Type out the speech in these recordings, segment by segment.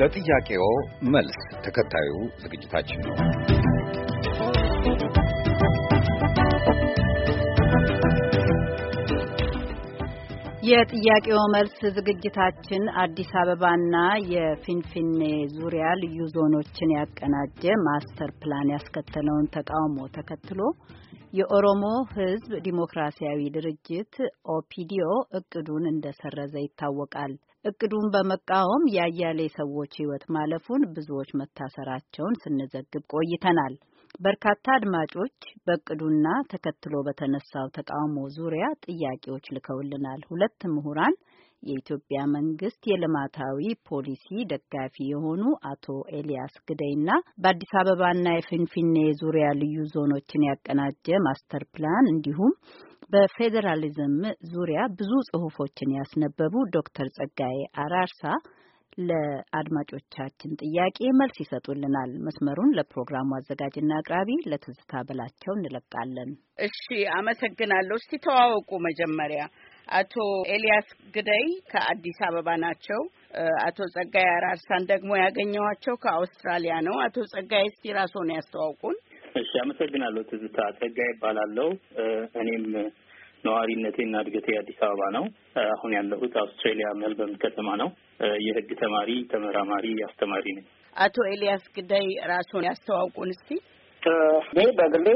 ለጥያቄዎ መልስ ተከታዩ ዝግጅታችን ነው። የጥያቄው መልስ ዝግጅታችን አዲስ አበባና የፊንፊኔ ዙሪያ ልዩ ዞኖችን ያቀናጀ ማስተር ፕላን ያስከተለውን ተቃውሞ ተከትሎ የኦሮሞ ሕዝብ ዲሞክራሲያዊ ድርጅት ኦፒዲኦ እቅዱን እንደሰረዘ ይታወቃል። እቅዱን በመቃወም ያያሌ ሰዎች ሕይወት ማለፉን፣ ብዙዎች መታሰራቸውን ስንዘግብ ቆይተናል። በርካታ አድማጮች በእቅዱና ተከትሎ በተነሳው ተቃውሞ ዙሪያ ጥያቄዎች ልከውልናል። ሁለት ምሁራን የኢትዮጵያ መንግስት የልማታዊ ፖሊሲ ደጋፊ የሆኑ አቶ ኤልያስ ግደይና በአዲስ አበባና የፊንፊኔ ዙሪያ ልዩ ዞኖችን ያቀናጀ ማስተር ፕላን እንዲሁም በፌዴራሊዝም ዙሪያ ብዙ ጽሁፎችን ያስነበቡ ዶክተር ጸጋዬ አራርሳ ለአድማጮቻችን ጥያቄ መልስ ይሰጡልናል። መስመሩን ለፕሮግራሙ አዘጋጅና አቅራቢ ለትዝታ ብላቸው እንለቃለን። እሺ፣ አመሰግናለሁ። እስቲ ተዋወቁ መጀመሪያ። አቶ ኤልያስ ግደይ ከአዲስ አበባ ናቸው። አቶ ጸጋዬ አራርሳን ደግሞ ያገኘኋቸው ከአውስትራሊያ ነው። አቶ ጸጋዬ እስቲ ራስዎን ያስተዋውቁን። እሺ፣ አመሰግናለሁ ትዝታ። ጸጋ ይባላለው እኔም ነዋሪነቴና እድገቴ አዲስ አበባ ነው። አሁን ያለሁት አውስትሬሊያ መልበም ከተማ ነው። የህግ ተማሪ፣ ተመራማሪ፣ አስተማሪ ነኝ። አቶ ኤልያስ ግዳይ ራስዎን ያስተዋውቁን እስቲ። እኔ በግሌ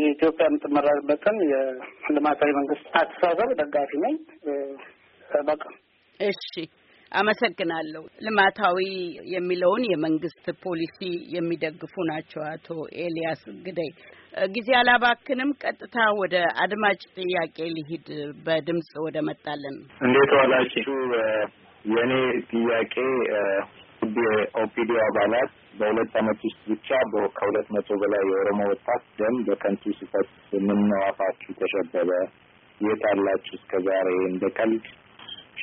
የኢትዮጵያ የምትመራበትን የልማታዊ መንግስት አስተሳሰብ ደጋፊ ነኝ። በቃ እሺ። አመሰግናለሁ። ልማታዊ የሚለውን የመንግስት ፖሊሲ የሚደግፉ ናቸው አቶ ኤልያስ ግደይ። ጊዜ አላባክንም፣ ቀጥታ ወደ አድማጭ ጥያቄ ሊሂድ በድምጽ ወደ መጣለን። እንዴት ዋላችሁ? የእኔ ጥያቄ ኦፒዲ አባላት በሁለት አመት ውስጥ ብቻ ከሁለት መቶ በላይ የኦሮሞ ወጣት ደም በከንቱ ስፈት የምንዋፋችሁ ተሸበበ የት አላችሁ እስከ ዛሬ እንደ ቀልድ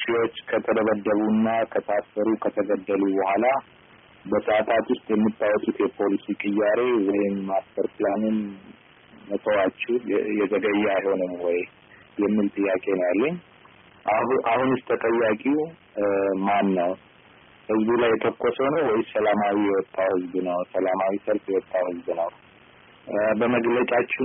ሺዎች ከተደበደቡና ከታሰሩ ከተገደሉ በኋላ በሰዓታት ውስጥ የምታወጡት የፖሊሲ ቅያሬ ወይም ማስተር ፕላንን መተዋችሁ የዘገየ አይሆንም ወይ የሚል ጥያቄ ነው ያለኝ። አሁንስ ተጠያቂው ማን ነው? ህዝቡ ላይ የተኮሰ ነው ወይስ ሰላማዊ የወጣው ህዝብ ነው? ሰላማዊ ሰልፍ የወጣው ህዝብ ነው? በመግለጫችሁ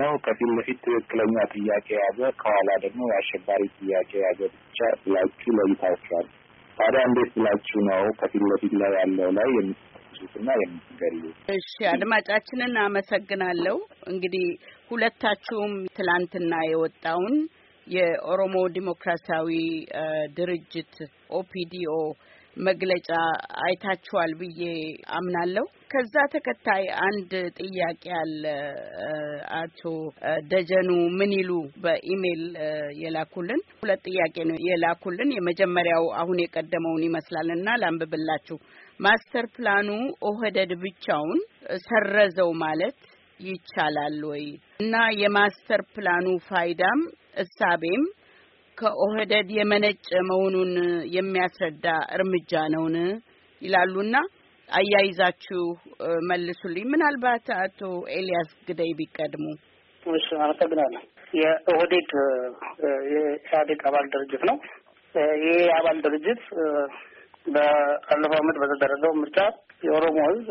ነው ከፊት ለፊት ትክክለኛ ጥያቄ የያዘ ከኋላ ደግሞ የአሸባሪ ጥያቄ የያዘ ብቻ ብላችሁ ለይታችኋል። ታዲያ እንዴት ብላችሁ ነው ከፊት ለፊት ላይ ያለው ላይ የምትጠቅሱትና የምትገሉ? እሺ አድማጫችንን አመሰግናለሁ። እንግዲህ ሁለታችሁም ትላንትና የወጣውን የኦሮሞ ዲሞክራሲያዊ ድርጅት ኦፒዲኦ መግለጫ አይታችኋል ብዬ አምናለሁ። ከዛ ተከታይ አንድ ጥያቄ አለ። አቶ ደጀኑ ምን ይሉ በኢሜይል የላኩልን ሁለት ጥያቄ ነው የላኩልን። የመጀመሪያው አሁን የቀደመውን ይመስላል እና ላንብብላችሁ። ማስተር ፕላኑ ኦህደድ ብቻውን ሰረዘው ማለት ይቻላል ወይ እና የማስተር ፕላኑ ፋይዳም እሳቤም ከኦህደድ የመነጨ መሆኑን የሚያስረዳ እርምጃ ነውን ይላሉና አያይዛችሁ መልሱልኝ። ምናልባት አቶ ኤልያስ ግደይ ቢቀድሙ። እሺ፣ አመሰግናለሁ። የኦህዴድ የኢህአዴግ አባል ድርጅት ነው። ይህ የአባል ድርጅት በአለፈው አመት በተደረገው ምርጫ የኦሮሞ ህዝብ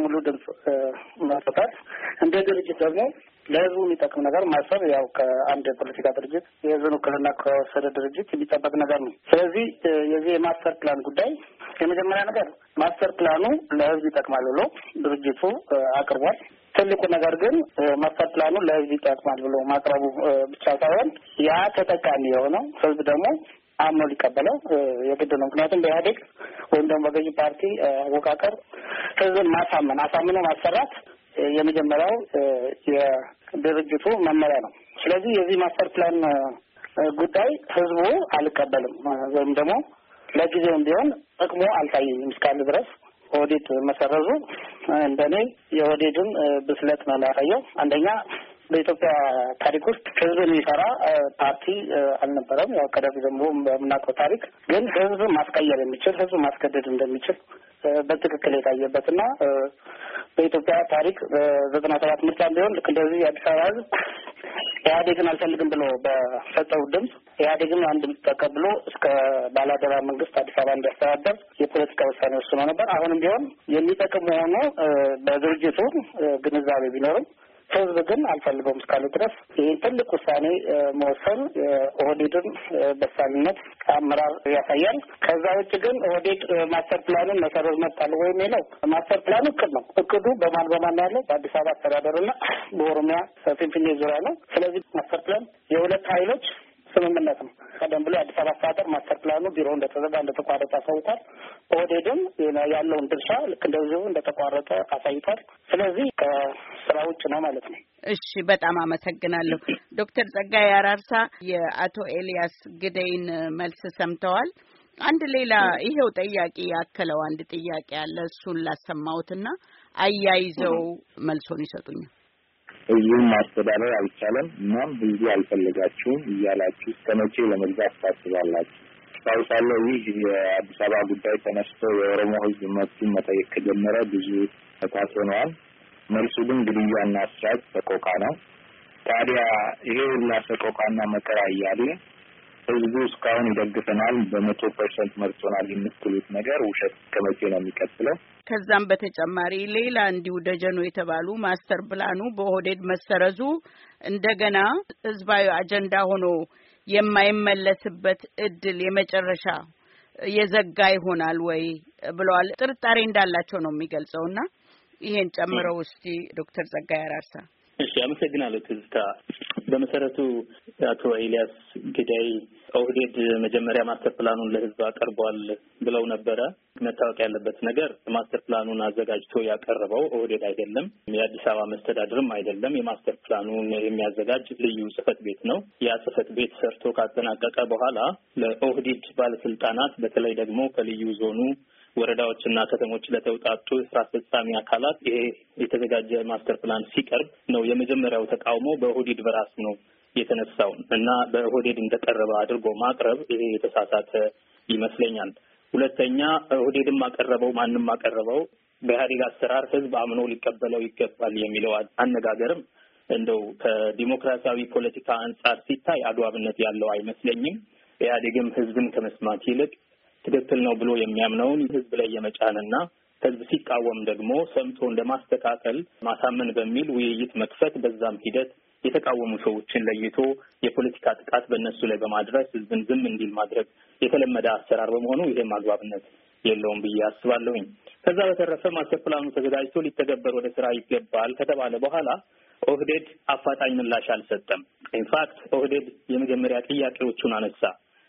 ሙሉ ድምፅ መጥቷል። እንደ ድርጅት ደግሞ ለህዝቡ የሚጠቅም ነገር ማሰብ ያው ከአንድ የፖለቲካ ድርጅት የህዝብን ውክልና ከወሰደ ድርጅት የሚጠበቅ ነገር ነው። ስለዚህ የዚህ የማስተር ፕላን ጉዳይ የመጀመሪያ ነገር ማስተር ፕላኑ ለህዝብ ይጠቅማል ብሎ ድርጅቱ አቅርቧል። ትልቁ ነገር ግን ማስተር ፕላኑ ለህዝብ ይጠቅማል ብሎ ማቅረቡ ብቻ ሳይሆን ያ ተጠቃሚ የሆነው ህዝብ ደግሞ አምኖ ሊቀበለው የግድ ነው። ምክንያቱም በኢህአዴግ ወይም ደግሞ በገዢ ፓርቲ አወቃቀር ህዝብን ማሳመን አሳምኖ ማሰራት የመጀመሪያው የድርጅቱ መመሪያ ነው። ስለዚህ የዚህ ማስተር ፕላን ጉዳይ ህዝቡ አልቀበልም ወይም ደግሞ ለጊዜውም ቢሆን ጥቅሙ አልታየኝም እስካለ ድረስ ኦዲት መሰረዙ እንደኔ የኦዲድን ብስለት ነው የሚያሳየው። አንደኛ በኢትዮጵያ ታሪክ ውስጥ ህዝብ የሚሰራ ፓርቲ አልነበረም። ያው ቀደም ደግሞ በምናውቀው ታሪክ ግን ህዝብ ማስቀየር የሚችል ህዝብ ማስገደድ እንደሚችል በትክክል የታየበትና በኢትዮጵያ ታሪክ በዘጠና ሰባት ምርጫ ቢሆን ልክ እንደዚህ የአዲስ አበባ ህዝብ ኢህአዴግን አልፈልግም ብሎ በሰጠው ድምፅ ኢህአዴግም አንድ ድምፅ ተቀብሎ እስከ ባላደራ መንግስት አዲስ አበባ እንዲያስተዳደር የፖለቲካ ውሳኔ ወስኖ ነበር። አሁንም ቢሆን የሚጠቅም ሆኖ በድርጅቱ ግንዛቤ ቢኖርም ህዝብ ግን አልፈልገውም እስካሉ ድረስ ይህን ትልቅ ውሳኔ መወሰን ኦህዴድን በሳልነት አመራር ያሳያል። ከዛ ውጭ ግን ኦህዴድ ማስተር ፕላኑን መሰረዝ መጣል ወይም የለው ማስተር ፕላኑ እቅድ ነው። እቅዱ በማን በማን ያለው በአዲስ አበባ አስተዳደርና በኦሮሚያ ፊንፊኔ ዙሪያ ነው። ስለዚህ ማስተር ፕላን የሁለት ኃይሎች ስምምነት ነው። ቀደም ብሎ የአዲስ አበባ አስተዳደር ማስተር ፕላኑ ቢሮ እንደተዘጋ እንደተቋረጠ አሳይቷል። ኦህዴድም ያለውን ድርሻ ልክ እንደዚሁ እንደተቋረጠ አሳይቷል። ስለዚህ ከስራ ውጭ ነው ማለት ነው። እሺ፣ በጣም አመሰግናለሁ ዶክተር ጸጋዬ አራርሳ የአቶ ኤልያስ ግደይን መልስ ሰምተዋል። አንድ ሌላ ይሄው ጠያቂ ያከለው አንድ ጥያቄ አለ። እሱን ላሰማሁትና አያይዘው መልሶን ይሰጡኛል። ህዝቡን ማስተዳደር አልቻለም፣ እናም ህዝቡ አልፈለጋችሁም እያላችሁ መቼ ለመግዛት ታስባላችሁ? አስታውሳለሁ። ይህ የአዲስ አበባ ጉዳይ ተነስቶ የኦሮሞ ህዝብ መብቱን መጠየቅ ከጀመረ ብዙ ዕታት ሆነዋል። መልሱ ግን ግድያና ስራት፣ ሰቆቃ ነው። ታዲያ ይሄ ሁላ ሰቆቃና መከራ እያለ ህዝቡ እስካሁን ይደግፈናል፣ በመቶ ፐርሰንት መርጦናል የምትሉት ነገር ውሸት ከመቼ ነው የሚቀጥለው? ከዛም በተጨማሪ ሌላ እንዲሁ ደጀኖ የተባሉ ማስተር ፕላኑ በኦህዴድ መሰረዙ እንደገና ህዝባዊ አጀንዳ ሆኖ የማይመለስበት እድል የመጨረሻ የዘጋ ይሆናል ወይ ብለዋል። ጥርጣሬ እንዳላቸው ነው የሚገልጸውና ይሄን ጨምረው እስቲ ዶክተር ጸጋይ አራርሳ እሺ፣ አመሰግናለሁ ትዝታ። በመሰረቱ አቶ ኤልያስ ግዳይ ኦህዴድ መጀመሪያ ማስተር ፕላኑን ለህዝብ አቀርቧል ብለው ነበረ። መታወቅ ያለበት ነገር ማስተር ፕላኑን አዘጋጅቶ ያቀረበው ኦህዴድ አይደለም፣ የአዲስ አበባ መስተዳድርም አይደለም። የማስተር ፕላኑን የሚያዘጋጅ ልዩ ጽህፈት ቤት ነው። ያ ጽህፈት ቤት ሰርቶ ካጠናቀቀ በኋላ ለኦህዴድ ባለስልጣናት በተለይ ደግሞ ከልዩ ዞኑ ወረዳዎችና ከተሞች ለተውጣጡ የስራ አስፈጻሚ አካላት ይሄ የተዘጋጀ ማስተር ፕላን ሲቀርብ ነው የመጀመሪያው ተቃውሞ በኦህዴድ በራስ ነው የተነሳው እና በኦህዴድ እንደቀረበ አድርጎ ማቅረብ ይሄ የተሳሳተ ይመስለኛል። ሁለተኛ ኦህዴድም አቀረበው ማንም አቀረበው በኢህአዴግ አሰራር ህዝብ አምኖ ሊቀበለው ይገባል የሚለው አነጋገርም እንደው ከዲሞክራሲያዊ ፖለቲካ አንጻር ሲታይ አግባብነት ያለው አይመስለኝም። ኢህአዴግም ህዝብን ከመስማት ይልቅ ትክክል ነው ብሎ የሚያምነውን ህዝብ ላይ የመጫንና ህዝብ ሲቃወም ደግሞ ሰምቶ እንደማስተካከል ማሳመን በሚል ውይይት መክፈት በዛም ሂደት የተቃወሙ ሰዎችን ለይቶ የፖለቲካ ጥቃት በእነሱ ላይ በማድረስ ህዝብን ዝም እንዲል ማድረግ የተለመደ አሰራር በመሆኑ ይህም አግባብነት የለውም ብዬ አስባለሁኝ። ከዛ በተረፈ ማስተር ፕላኑ ተዘጋጅቶ ሊተገበር ወደ ስራ ይገባል ከተባለ በኋላ ኦህዴድ አፋጣኝ ምላሽ አልሰጠም። ኢንፋክት ኦህዴድ የመጀመሪያ ጥያቄዎቹን አነሳ።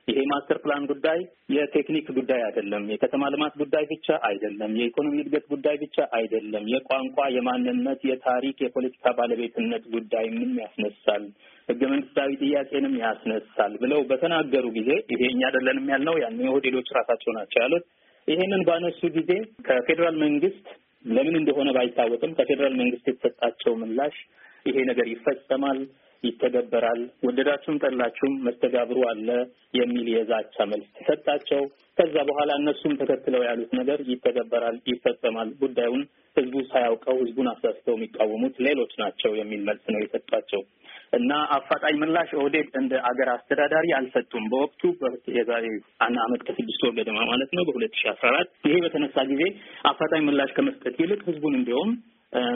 ይሄ ማስተር ፕላን ጉዳይ የቴክኒክ ጉዳይ አይደለም። የከተማ ልማት ጉዳይ ብቻ አይደለም። የኢኮኖሚ እድገት ጉዳይ ብቻ አይደለም። የቋንቋ፣ የማንነት፣ የታሪክ፣ የፖለቲካ ባለቤትነት ጉዳይንም ያስነሳል። ህገ መንግስታዊ ጥያቄንም ያስነሳል ብለው በተናገሩ ጊዜ ይሄ እኛ አይደለንም ያልነው ያን ሆቴሎች ራሳቸው ናቸው ያሉት። ይሄንን ባነሱ ጊዜ ከፌዴራል መንግስት ለምን እንደሆነ ባይታወቅም ከፌዴራል መንግስት የተሰጣቸው ምላሽ ይሄ ነገር ይፈጸማል ይተገበራል። ወደዳችሁም ጠላችሁም መስተጋብሩ አለ የሚል የዛቻ መልስ ተሰጣቸው። ከዛ በኋላ እነሱም ተከትለው ያሉት ነገር ይተገበራል፣ ይፈጸማል። ጉዳዩን ህዝቡ ሳያውቀው ህዝቡን አሳስተው የሚቃወሙት ሌሎች ናቸው የሚል መልስ ነው የሰጧቸው እና አፋጣኝ ምላሽ ኦህዴድ እንደ አገር አስተዳዳሪ አልሰጡም። በወቅቱ የዛሬ አንድ አመት ከስድስት ወር ገደማ ማለት ነው በሁለት ሺ አስራ አራት ይሄ በተነሳ ጊዜ አፋጣኝ ምላሽ ከመስጠት ይልቅ ህዝቡን እንዲሁም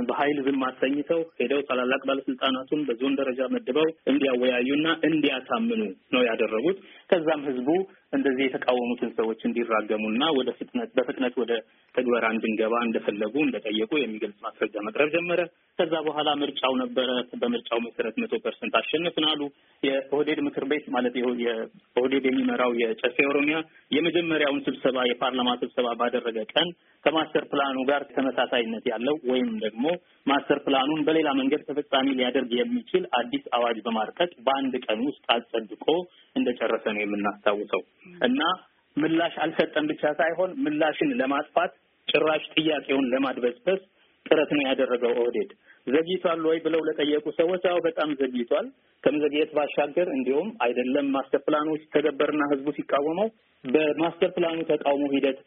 በኃይል ዝም አሰኝተው ሄደው ታላላቅ ባለስልጣናቱን በዞን ደረጃ መድበው እንዲያወያዩና እንዲያሳምኑ ነው ያደረጉት። ከዛም ህዝቡ እንደዚህ የተቃወሙትን ሰዎች እንዲራገሙና ወደ ፍጥነት በፍጥነት ወደ ተግበራ እንድንገባ እንደፈለጉ እንደጠየቁ የሚገልጽ ማስረጃ መቅረብ ጀመረ። ከዛ በኋላ ምርጫው ነበረ። በምርጫው መሰረት መቶ ፐርሰንት አሸነፍን አሉ። የኦህዴድ ምክር ቤት ማለት የኦህዴድ የሚመራው የጨፌ ኦሮሚያ የመጀመሪያውን ስብሰባ የፓርላማ ስብሰባ ባደረገ ቀን ከማስተር ፕላኑ ጋር ተመሳሳይነት ያለው ወይም ደግሞ ማስተር ፕላኑን በሌላ መንገድ ተፈጻሚ ሊያደርግ የሚችል አዲስ አዋጅ በማርቀቅ በአንድ ቀን ውስጥ አጸድቆ እንደጨረሰ ነው የምናስታውሰው። እና ምላሽ አልሰጠም ብቻ ሳይሆን ምላሽን ለማጥፋት ጭራሽ ጥያቄውን ለማድበስበስ ጥረት ነው ያደረገው ኦህዴድ። ዘግይቷል ወይ ብለው ለጠየቁ ሰዎች አዎ በጣም ዘግይቷል። ከመዘግየት ባሻገር እንዲሁም አይደለም ማስተር ፕላኑ ሲተገበርና ህዝቡ ሲቃወመው በማስተር ፕላኑ ተቃውሞ ሂደት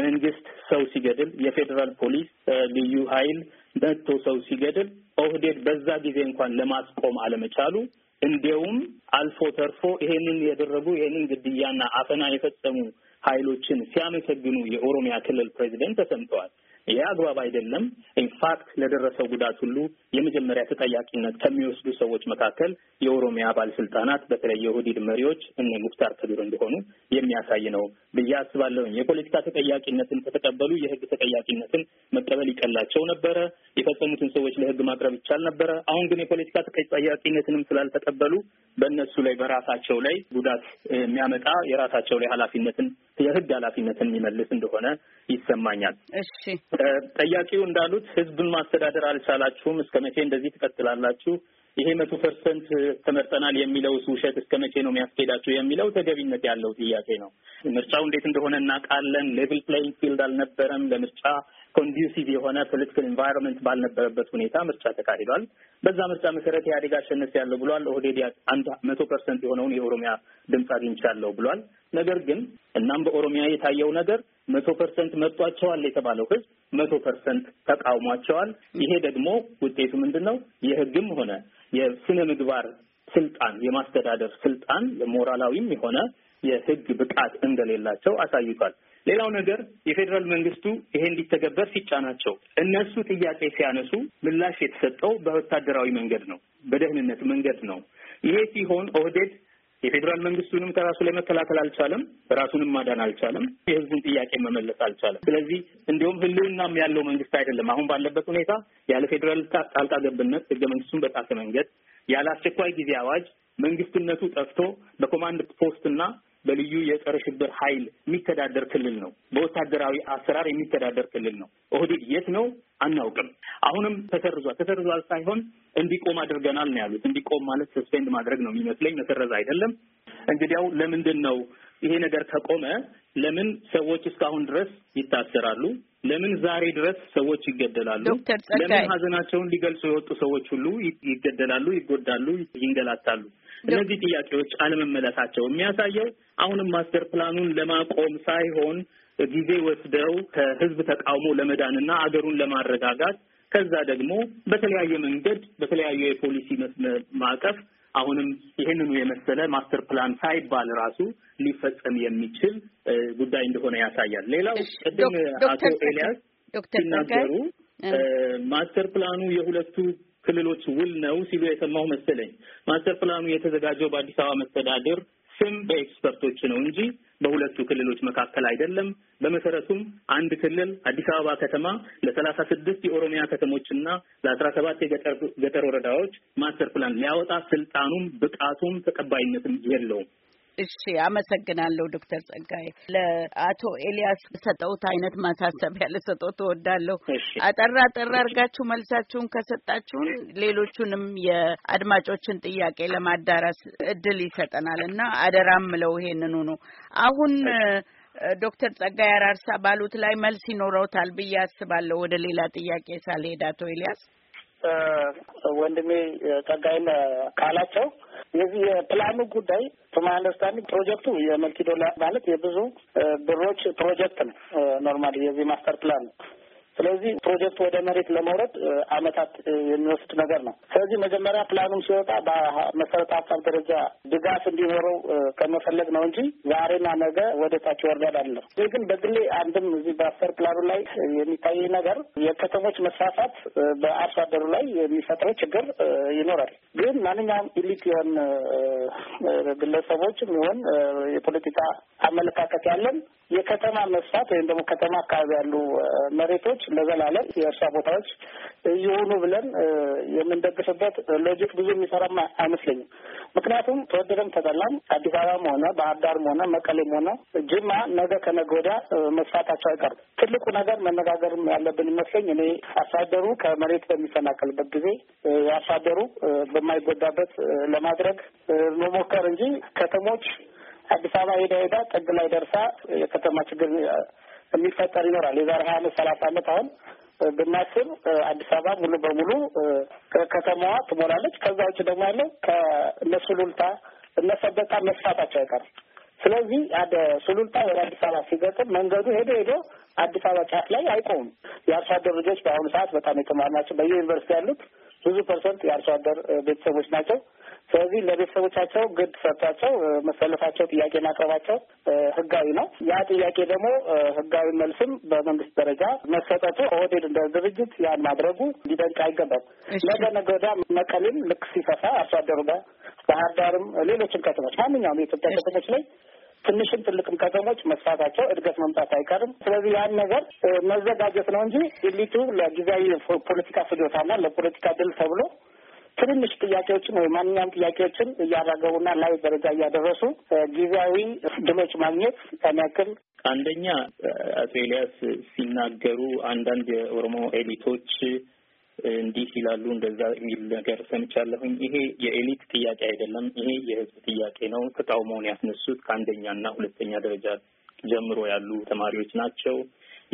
መንግስት ሰው ሲገድል፣ የፌዴራል ፖሊስ ልዩ ኃይል መጥቶ ሰው ሲገድል ኦህዴድ በዛ ጊዜ እንኳን ለማስቆም አለመቻሉ እንዲያውም አልፎ ተርፎ ይሄንን ያደረጉ ይሄንን ግድያና አፈና የፈጸሙ ኃይሎችን ሲያመሰግኑ የኦሮሚያ ክልል ፕሬዚደንት ተሰምተዋል። ይህ አግባብ አይደለም። ኢንፋክት ለደረሰው ጉዳት ሁሉ የመጀመሪያ ተጠያቂነት ከሚወስዱ ሰዎች መካከል የኦሮሚያ ባለስልጣናት በተለይ የኦህዴድ መሪዎች እነ ሙክታር ከድር እንደሆኑ የሚያሳይ ነው ብዬ አስባለሁኝ። የፖለቲካ ተጠያቂነትን ከተቀበሉ የህግ ተጠያቂነትን መቀበል ይቀላቸው ነበረ። የፈጸሙትን ሰዎች ለህግ ማቅረብ ይቻል ነበረ። አሁን ግን የፖለቲካ ተጠያቂነትንም ስላልተቀበሉ በእነሱ ላይ በራሳቸው ላይ ጉዳት የሚያመጣ የራሳቸው ላይ ኃላፊነትን የህግ ኃላፊነትን የሚመልስ እንደሆነ ይሰማኛል። እሺ ጠያቂው እንዳሉት ህዝብን ማስተዳደር አልቻላችሁም፣ እስከ መቼ እንደዚህ ትቀጥላላችሁ? ይሄ መቶ ፐርሰንት ተመርጠናል የሚለው ውሸት እስከ መቼ ነው የሚያስኬዳችሁ የሚለው ተገቢነት ያለው ጥያቄ ነው። ምርጫው እንዴት እንደሆነ እናውቃለን። ሌቭል ፕላይንግ ፊልድ አልነበረም። ለምርጫ ኮንዲሲቭ የሆነ ፖለቲካል ኢንቫይሮንመንት ባልነበረበት ሁኔታ ምርጫ ተካሂዷል። በዛ ምርጫ መሰረት ኢህአዴግ አሸነፍ ያለው ብሏል። ኦህዴድ አንድ መቶ ፐርሰንት የሆነውን የኦሮሚያ ድምፅ አግኝቻለሁ ብሏል። ነገር ግን እናም በኦሮሚያ የታየው ነገር መቶ ፐርሰንት መጧቸዋል የተባለው ህዝብ መቶ ፐርሰንት ተቃውሟቸዋል። ይሄ ደግሞ ውጤቱ ምንድን ነው? የህግም ሆነ የስነ ምግባር ስልጣን የማስተዳደር ስልጣን ሞራላዊም የሆነ የህግ ብቃት እንደሌላቸው አሳይቷል። ሌላው ነገር የፌዴራል መንግስቱ ይሄ እንዲተገበር ሲጫናቸው እነሱ ጥያቄ ሲያነሱ ምላሽ የተሰጠው በወታደራዊ መንገድ ነው፣ በደህንነት መንገድ ነው። ይሄ ሲሆን ኦህዴድ የፌዴራል መንግስቱንም ከራሱ ላይ መከላከል አልቻለም፣ ራሱንም ማዳን አልቻለም፣ የህዝቡን ጥያቄ መመለስ አልቻለም። ስለዚህ እንዲሁም ህልውናም ያለው መንግስት አይደለም። አሁን ባለበት ሁኔታ ያለ ፌዴራል ጣልቃ ገብነት ህገ መንግስቱን በጣሰ መንገድ ያለ አስቸኳይ ጊዜ አዋጅ መንግስትነቱ ጠፍቶ በኮማንድ ፖስት እና በልዩ የጸረ ሽብር ኃይል የሚተዳደር ክልል ነው። በወታደራዊ አሰራር የሚተዳደር ክልል ነው። ኦህዴድ የት ነው አናውቅም። አሁንም ተሰርዟል። ተሰርዟል ሳይሆን እንዲቆም አድርገናል ነው ያሉት። እንዲቆም ማለት ሰስፔንድ ማድረግ ነው የሚመስለኝ፣ መሰረዝ አይደለም። እንግዲያው ለምንድን ነው ይሄ ነገር ከቆመ ለምን ሰዎች እስካሁን ድረስ ይታሰራሉ? ለምን ዛሬ ድረስ ሰዎች ይገደላሉ? ለምን ሀዘናቸውን ሊገልጹ የወጡ ሰዎች ሁሉ ይገደላሉ፣ ይጎዳሉ፣ ይንገላታሉ? እነዚህ ጥያቄዎች አለመመለሳቸው የሚያሳየው አሁንም ማስተር ፕላኑን ለማቆም ሳይሆን ጊዜ ወስደው ከህዝብ ተቃውሞ ለመዳንና አገሩን ለማረጋጋት ከዛ ደግሞ በተለያየ መንገድ በተለያዩ የፖሊሲ ማዕቀፍ አሁንም ይህንኑ የመሰለ ማስተር ፕላን ሳይባል ራሱ ሊፈጸም የሚችል ጉዳይ እንደሆነ ያሳያል። ሌላው ቅድም አቶ ኤልያስ ሲናገሩ ማስተር ፕላኑ የሁለቱ ክልሎች ውል ነው ሲሉ የሰማሁ መሰለኝ። ማስተር ፕላኑ የተዘጋጀው በአዲስ አበባ መስተዳድር ስም በኤክስፐርቶች ነው እንጂ በሁለቱ ክልሎች መካከል አይደለም። በመሰረቱም አንድ ክልል አዲስ አበባ ከተማ ለሰላሳ ስድስት የኦሮሚያ ከተሞችና ለአስራ ሰባት የገጠር ወረዳዎች ማስተር ፕላን ሊያወጣ ስልጣኑም ብቃቱም ተቀባይነትም የለውም። እሺ፣ አመሰግናለሁ ዶክተር ጸጋዬ። ለአቶ ኤልያስ ሰጠውት አይነት ማሳሰቢያ ልሰጠው ትወዳለሁ። አጠራ አጠራ አድርጋችሁ መልሳችሁን ከሰጣችሁን ሌሎቹንም የአድማጮችን ጥያቄ ለማዳረስ እድል ይሰጠናል እና አደራም ምለው ይሄንኑ ነው አሁን ዶክተር ጸጋይ አራርሳ ባሉት ላይ መልስ ይኖረውታል ብዬ አስባለሁ። ወደ ሌላ ጥያቄ ሳልሄድ አቶ ኤልያስ ወንድሜ ጸጋይን ቃላቸው የዚህ የፕላኑ ጉዳይ ቱማ አንደርስታንዲንግ ፕሮጀክቱ የመልኪዶላ ማለት የብዙ ብሮች ፕሮጀክት ነው። ኖርማሊ የዚህ ማስተር ፕላን ስለዚህ ፕሮጀክቱ ወደ መሬት ለመውረድ አመታት የሚወስድ ነገር ነው። ስለዚህ መጀመሪያ ፕላኑም ሲወጣ በመሰረተ ሀሳብ ደረጃ ድጋፍ እንዲኖረው ከመፈለግ ነው እንጂ ዛሬና ነገ ወደ ታች ይወርዳል አለ ይህ ግን በግሌ አንድም እዚህ በአስተር ፕላኑ ላይ የሚታይ ነገር የከተሞች መስፋፋት በአርሶ አደሩ ላይ የሚፈጥረው ችግር ይኖራል። ግን ማንኛውም ኢሊት የሆን ግለሰቦችም ይሆን የፖለቲካ አመለካከት ያለን የከተማ መስፋት ወይም ደግሞ ከተማ አካባቢ ያሉ መሬቶች ለዘላለም የእርሻ ቦታዎች እየሆኑ ብለን የምንደግፍበት ሎጂክ ብዙ የሚሰራም አይመስለኝም። ምክንያቱም ተወደደም ተጠላም አዲስ አበባም ሆነ ባህር ዳርም ሆነ መቀሌም ሆነ ጅማ ነገ ከነገ ወዲያ መስፋታቸው አይቀርም። ትልቁ ነገር መነጋገርም ያለብን ይመስለኝ እኔ አርሶ ከመሬት በሚፈናቀልበት ጊዜ አርሶ በማይጎዳበት ለማድረግ መሞከር እንጂ ከተሞች አዲስ አበባ ሄዳ ሄዳ ጥግ ላይ ደርሳ የከተማ ችግር የሚፈጠር ይኖራል። የዛሬ ሀያ አመት ሰላሳ አመት አሁን ብናስብ አዲስ አበባ ሙሉ በሙሉ ከተማዋ ትሞላለች። ከዛ ውጭ ደግሞ ያለው ከእነ ሱሉልታ እነ ሰበታ መስፋታቸው አይቀርም። ስለዚህ ሱሉልታ ወደ አዲስ አበባ ሲገጥም መንገዱ ሄዶ ሄዶ አዲስ አበባ ጫፍ ላይ አይቆምም። የአርሶ አደር ልጆች በአሁኑ ሰዓት በጣም ናቸው። በየዩኒቨርሲቲ ያሉት ብዙ ፐርሰንት የአርሶ አደር ቤተሰቦች ናቸው። ስለዚህ ለቤተሰቦቻቸው ግድ ሰጥቷቸው መሰለፋቸው፣ ጥያቄ ማቅረባቸው ህጋዊ ነው። ያ ጥያቄ ደግሞ ህጋዊ መልስም በመንግስት ደረጃ መሰጠቱ ኦህዴድ እንደ ድርጅት ያን ማድረጉ ሊደንቅ አይገባም። ነገ ነገ ወዲያ መቀሌም ልክ ሲሰፋ አርሶ አደሩ ጋር ባህር ዳርም፣ ሌሎችም ከተሞች ማንኛውም የኢትዮጵያ ከተሞች ላይ ትንሽም ትልቅም ከተሞች መስፋታቸው እድገት መምጣት አይቀርም። ስለዚህ ያን ነገር መዘጋጀት ነው እንጂ ኢሊቱ ለጊዜያዊ ፖለቲካ ፍጆታና ለፖለቲካ ድል ተብሎ ትንንሽ ጥያቄዎችን ወይ ማንኛውም ጥያቄዎችን እያራገቡና ላይ ደረጃ እያደረሱ ጊዜያዊ ድሎች ማግኘት ከሚያክል አንደኛ አቶ ኤልያስ ሲናገሩ አንዳንድ የኦሮሞ ኤሊቶች እንዲህ ይላሉ እንደዛ የሚል ነገር ሰምቻለሁኝ። ይሄ የኤሊት ጥያቄ አይደለም። ይሄ የህዝብ ጥያቄ ነው። ተቃውሞውን ያስነሱት ከአንደኛ እና ሁለተኛ ደረጃ ጀምሮ ያሉ ተማሪዎች ናቸው።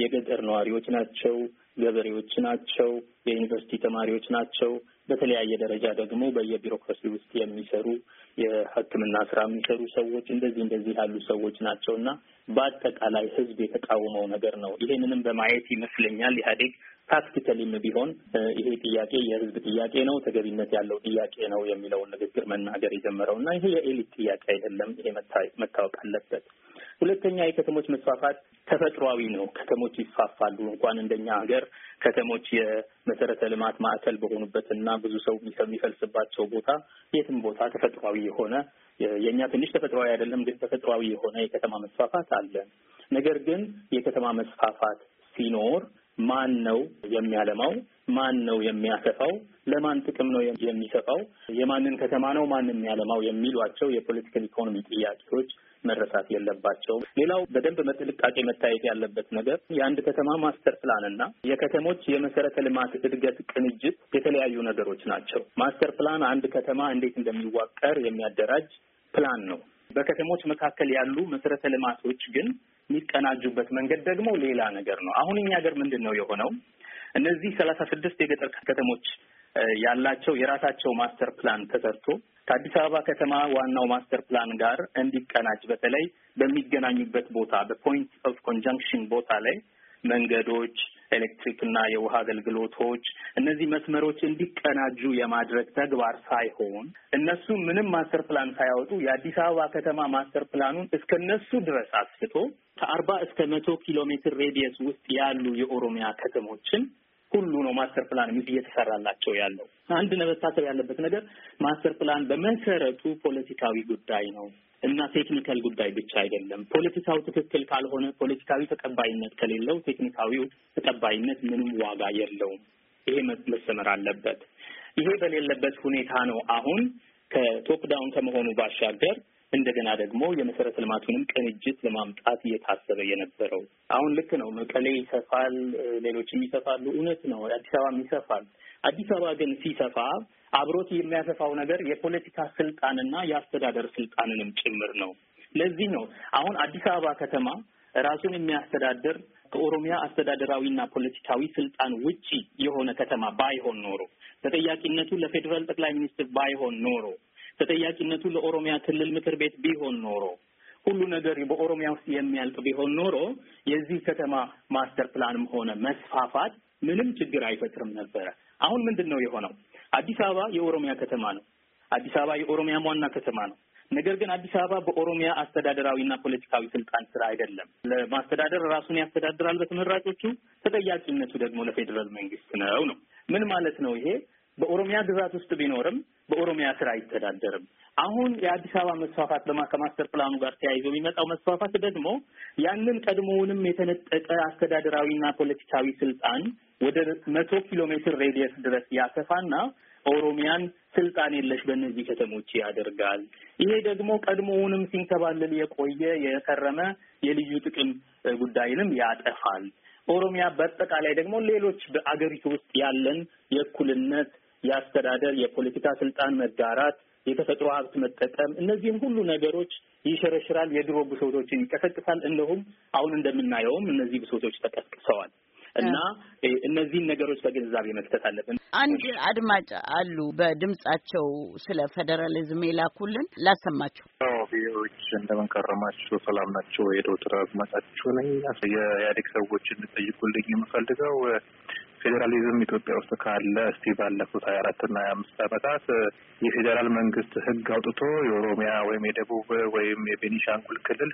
የገጠር ነዋሪዎች ናቸው። ገበሬዎች ናቸው። የዩኒቨርሲቲ ተማሪዎች ናቸው። በተለያየ ደረጃ ደግሞ በየቢሮክራሲ ውስጥ የሚሰሩ የሕክምና ስራ የሚሰሩ ሰዎች እንደዚህ እንደዚህ ያሉ ሰዎች ናቸው እና በአጠቃላይ ህዝብ የተቃወመው ነገር ነው። ይሄንንም በማየት ይመስለኛል ኢህአዴግ ታክቲከሊም ቢሆን ይሄ ጥያቄ የህዝብ ጥያቄ ነው፣ ተገቢነት ያለው ጥያቄ ነው የሚለውን ንግግር መናገር የጀመረው እና ይሄ የኤሊት ጥያቄ አይደለም። ይሄ መታወቅ አለበት። ሁለተኛ የከተሞች መስፋፋት ተፈጥሯዊ ነው። ከተሞች ይስፋፋሉ። እንኳን እንደኛ ሀገር ከተሞች የመሰረተ ልማት ማዕከል በሆኑበት እና ብዙ ሰው የሚፈልስባቸው ቦታ የትም ቦታ ተፈጥሯዊ የሆነ የእኛ ትንሽ ተፈጥሯዊ አይደለም፣ ግን ተፈጥሯዊ የሆነ የከተማ መስፋፋት አለ። ነገር ግን የከተማ መስፋፋት ሲኖር ማን ነው የሚያለማው? ማን ነው የሚያሰፋው? ለማን ጥቅም ነው የሚሰፋው? የማንን ከተማ ነው ማን የሚያለማው? የሚሏቸው የፖለቲካል ኢኮኖሚ ጥያቄዎች መረሳት የለባቸው። ሌላው በደንብ በጥንቃቄ መታየት ያለበት ነገር የአንድ ከተማ ማስተር ፕላን እና የከተሞች የመሰረተ ልማት እድገት ቅንጅት የተለያዩ ነገሮች ናቸው። ማስተር ፕላን አንድ ከተማ እንዴት እንደሚዋቀር የሚያደራጅ ፕላን ነው። በከተሞች መካከል ያሉ መሰረተ ልማቶች ግን የሚቀናጁበት መንገድ ደግሞ ሌላ ነገር ነው። አሁን እኛ ሀገር ምንድን ነው የሆነው? እነዚህ ሰላሳ ስድስት የገጠር ከተሞች ያላቸው የራሳቸው ማስተር ፕላን ተሰርቶ ከአዲስ አበባ ከተማ ዋናው ማስተር ፕላን ጋር እንዲቀናጅ በተለይ በሚገናኙበት ቦታ በፖይንት ኦፍ ኮንጃንክሽን ቦታ ላይ መንገዶች፣ ኤሌክትሪክና የውሃ አገልግሎቶች እነዚህ መስመሮች እንዲቀናጁ የማድረግ ተግባር ሳይሆን እነሱ ምንም ማስተር ፕላን ሳያወጡ የአዲስ አበባ ከተማ ማስተር ፕላኑን እስከነሱ ድረስ አስፍቶ ከአርባ እስከ መቶ ኪሎ ሜትር ሬዲየስ ውስጥ ያሉ የኦሮሚያ ከተሞችን ሁሉ ነው ማስተር ፕላን እየተሰራላቸው ያለው። አንድ መታሰብ ያለበት ነገር ማስተር ፕላን በመሰረቱ ፖለቲካዊ ጉዳይ ነው። እና ቴክኒካል ጉዳይ ብቻ አይደለም። ፖለቲካው ትክክል ካልሆነ፣ ፖለቲካዊ ተቀባይነት ከሌለው ቴክኒካዊው ተቀባይነት ምንም ዋጋ የለውም። ይሄ መሰመር አለበት። ይሄ በሌለበት ሁኔታ ነው አሁን ከቶፕ ዳውን ከመሆኑ ባሻገር እንደገና ደግሞ የመሰረተ ልማቱንም ቅንጅት ለማምጣት እየታሰበ የነበረው አሁን ልክ ነው። መቀሌ ይሰፋል፣ ሌሎችም ይሰፋሉ። እውነት ነው። አዲስ አበባም ይሰፋል። አዲስ አበባ ግን ሲሰፋ አብሮት የሚያሰፋው ነገር የፖለቲካ ስልጣንና የአስተዳደር ስልጣንንም ጭምር ነው። ለዚህ ነው አሁን አዲስ አበባ ከተማ ራሱን የሚያስተዳድር ከኦሮሚያ አስተዳደራዊና ፖለቲካዊ ስልጣን ውጪ የሆነ ከተማ ባይሆን ኖሮ ተጠያቂነቱ ለፌዴራል ጠቅላይ ሚኒስትር ባይሆን ኖሮ ተጠያቂነቱ ለኦሮሚያ ክልል ምክር ቤት ቢሆን ኖሮ ሁሉ ነገር በኦሮሚያ ውስጥ የሚያልቅ ቢሆን ኖሮ የዚህ ከተማ ማስተር ፕላንም ሆነ መስፋፋት ምንም ችግር አይፈጥርም ነበረ። አሁን ምንድን ነው የሆነው? አዲስ አበባ የኦሮሚያ ከተማ ነው። አዲስ አበባ የኦሮሚያ ዋና ከተማ ነው። ነገር ግን አዲስ አበባ በኦሮሚያ አስተዳደራዊና ፖለቲካዊ ስልጣን ስራ አይደለም። ለማስተዳደር ራሱን ያስተዳድራል በተመራጮቹ፣ ተጠያቂነቱ ደግሞ ለፌዴራል መንግስት ነው ነው ምን ማለት ነው ይሄ? በኦሮሚያ ግዛት ውስጥ ቢኖርም በኦሮሚያ ስራ አይተዳደርም። አሁን የአዲስ አበባ መስፋፋት ከማስተር ፕላኑ ጋር ተያይዞ የሚመጣው መስፋፋት ደግሞ ያንን ቀድሞውንም የተነጠቀ አስተዳደራዊና ፖለቲካዊ ስልጣን ወደ መቶ ኪሎ ሜትር ሬዲየስ ድረስ ያሰፋና ኦሮሚያን ስልጣን የለሽ በእነዚህ ከተሞች ያደርጋል። ይሄ ደግሞ ቀድሞውንም ሲንከባለል የቆየ የከረመ የልዩ ጥቅም ጉዳይንም ያጠፋል። ኦሮሚያ በአጠቃላይ ደግሞ ሌሎች በአገሪቱ ውስጥ ያለን የእኩልነት የአስተዳደር፣ የፖለቲካ ስልጣን መጋራት፣ የተፈጥሮ ሀብት መጠቀም፣ እነዚህም ሁሉ ነገሮች ይሸረሽራል፣ የድሮ ብሶቶችን ይቀሰቅሳል። እንደሁም አሁን እንደምናየውም እነዚህ ብሶቶች ተቀስቅሰዋል። እና እነዚህን ነገሮች በግንዛቤ መክተት አለብን። አንድ አድማጭ አሉ በድምጻቸው ስለ ፌዴራሊዝም የላኩልን ላሰማችሁ። ቪዎች እንደምንከረማችሁ ሰላም ናቸው። የዶክተር አድማጫችሁ ነኝ። የኢህአዴግ ሰዎች እንጠይቁልኝ የምፈልገው ፌዴራሊዝም ኢትዮጵያ ውስጥ ካለ እስቲ ባለፉት ሀያ አራትና ሀያ አምስት ዓመታት የፌዴራል መንግስት ህግ አውጥቶ የኦሮሚያ ወይም የደቡብ ወይም የቤኒሻንጉል ክልል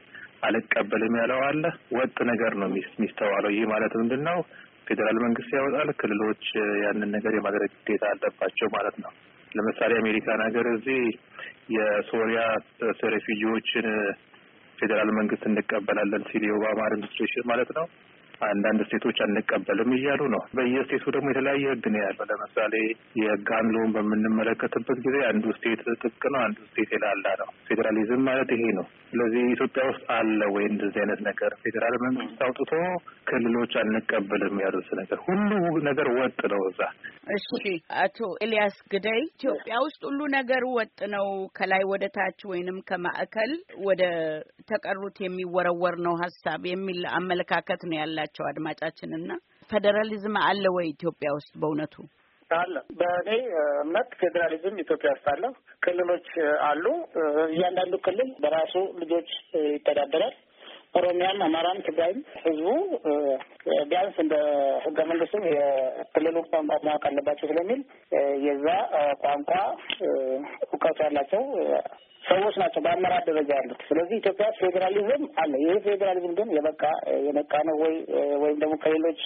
አልቀበልም ያለው አለ። ወጥ ነገር ነው የሚስተዋለው። ይህ ማለት ምንድን ነው? ፌዴራል መንግስት ያወጣል፣ ክልሎች ያንን ነገር የማድረግ ግዴታ አለባቸው ማለት ነው። ለምሳሌ አሜሪካን ሀገር እዚህ የሶሪያ ሬፊጂዎችን ፌዴራል መንግስት እንቀበላለን ሲል የኦባማ አድሚኒስትሬሽን ማለት ነው አንዳንድ ስቴቶች አንቀበልም እያሉ ነው። በየስቴቱ ደግሞ የተለያየ ህግ ነው ያለው። ለምሳሌ የህግ በምንመለከትበት ጊዜ አንዱ ስቴት ጥብቅ ነው፣ አንዱ ስቴት የላላ ነው። ፌዴራሊዝም ማለት ይሄ ነው። ስለዚህ ኢትዮጵያ ውስጥ አለ ወይ እንደዚህ አይነት ነገር? ፌዴራል መንግስት አውጥቶ ክልሎች አንቀበልም ያሉት ነገር ሁሉ ነገር ወጥ ነው እዛ። እሺ አቶ ኤልያስ ግደይ፣ ኢትዮጵያ ውስጥ ሁሉ ነገር ወጥ ነው ከላይ ወደ ታች ወይንም ከማዕከል ወደ ተቀሩት የሚወረወር ነው ሀሳብ የሚል አመለካከት ነው ያላቸው ናቸው አድማጫችን እና ፌዴራሊዝም አለ ወይ ኢትዮጵያ ውስጥ በእውነቱ? አለ። በእኔ እምነት ፌዴራሊዝም ኢትዮጵያ ውስጥ አለ። ክልሎች አሉ። እያንዳንዱ ክልል በራሱ ልጆች ይተዳደራል። ኦሮሚያም፣ አማራም፣ ትግራይም ህዝቡ ቢያንስ እንደ ህገ መንግስቱ የክልሉ ቋንቋ ማወቅ አለባቸው ስለሚል የዛ ቋንቋ እውቀቱ ያላቸው ሰዎች ናቸው በአመራር ደረጃ ያሉት። ስለዚህ ኢትዮጵያ ፌዴራሊዝም አለ። ይህ ፌዴራሊዝም ግን የበቃ የበቃ ነው ወይ ወይም ደግሞ ከሌሎች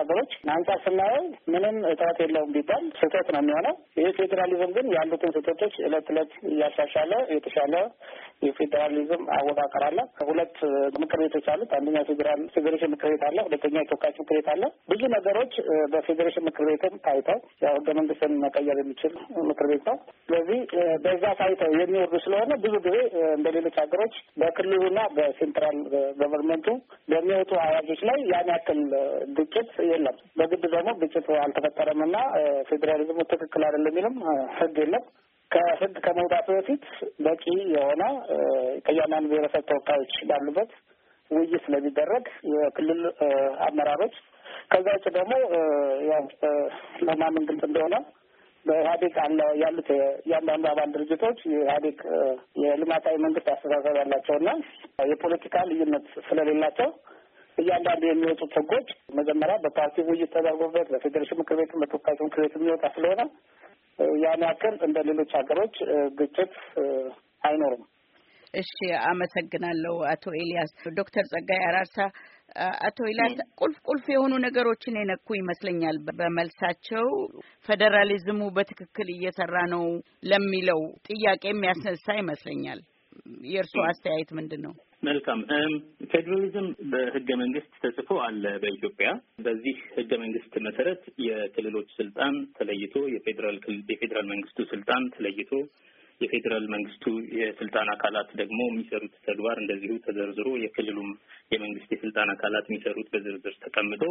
ሀገሮች አንጻር ስናየው ምንም እጥረት የለውም ቢባል ስህተት ነው የሚሆነው። ይህ ፌዴራሊዝም ግን ያሉትን ስህተቶች እለት እለት እያሻሻለ የተሻለ የፌዴራሊዝም አወቃቀር አለ። ከሁለት ምክር ቤቶች አሉት። አንደኛ ፌዴራል ፌዴሬሽን ምክር ቤት አለ። ሁለተኛ የተወካዮች ምክር ቤት አለ። ብዙ ነገሮች በፌዴሬሽን ምክር ቤትም ታይተው ያው ህገ መንግስትን መቀየር የሚችል ምክር ቤት ነው። ስለዚህ በዛ ታይተው የሚወርዱ ስለሆነ ብዙ ጊዜ እንደ ሌሎች ሀገሮች በክልሉና በሴንትራል ገቨርንመንቱ በሚወጡ አዋጆች ላይ ያን ያክል ግጭት የለም። በግድ ደግሞ ግጭት አልተፈጠረም እና ፌዴራሊዝሙ ትክክል አይደለም የሚልም ህግ የለም። ከህግ ከመውጣቱ በፊት በቂ የሆነ ከእያንዳንዱ ብሔረሰብ ተወካዮች ባሉበት ውይይት ስለሚደረግ የክልል አመራሮች ከዛ ውጭ ደግሞ ያው ለማንም ግልጽ እንደሆነ በኢህአዴግ ያሉት እያንዳንዱ አባል ድርጅቶች የኢህአዴግ የልማታዊ መንግስት አስተሳሰብ ያላቸውና የፖለቲካ ልዩነት ስለሌላቸው እያንዳንዱ የሚወጡት ህጎች መጀመሪያ በፓርቲ ውይይት ተደርጎበት በፌዴሬሽን ምክር ቤት በተወካዮች ምክር ቤት የሚወጣ ስለሆነ ያን ያክል እንደ ሌሎች ሀገሮች ግጭት አይኖርም። እሺ፣ አመሰግናለሁ አቶ ኤልያስ። ዶክተር ጸጋይ አራርሳ አቶ ይላል ቁልፍ ቁልፍ የሆኑ ነገሮችን የነኩ ይመስለኛል በመልሳቸው። ፌዴራሊዝሙ በትክክል እየሰራ ነው ለሚለው ጥያቄ የሚያስነሳ ይመስለኛል። የእርስዎ አስተያየት ምንድን ነው? መልካም ፌዴራሊዝም በህገ መንግስት ተጽፎ አለ በኢትዮጵያ። በዚህ ህገ መንግስት መሰረት የክልሎች ስልጣን ተለይቶ የፌዴራል መንግስቱ ስልጣን ተለይቶ የፌዴራል መንግስቱ የስልጣን አካላት ደግሞ የሚሰሩት ተግባር እንደዚሁ ተዘርዝሮ የክልሉም የመንግስት የስልጣን አካላት የሚሰሩት በዝርዝር ተቀምጦ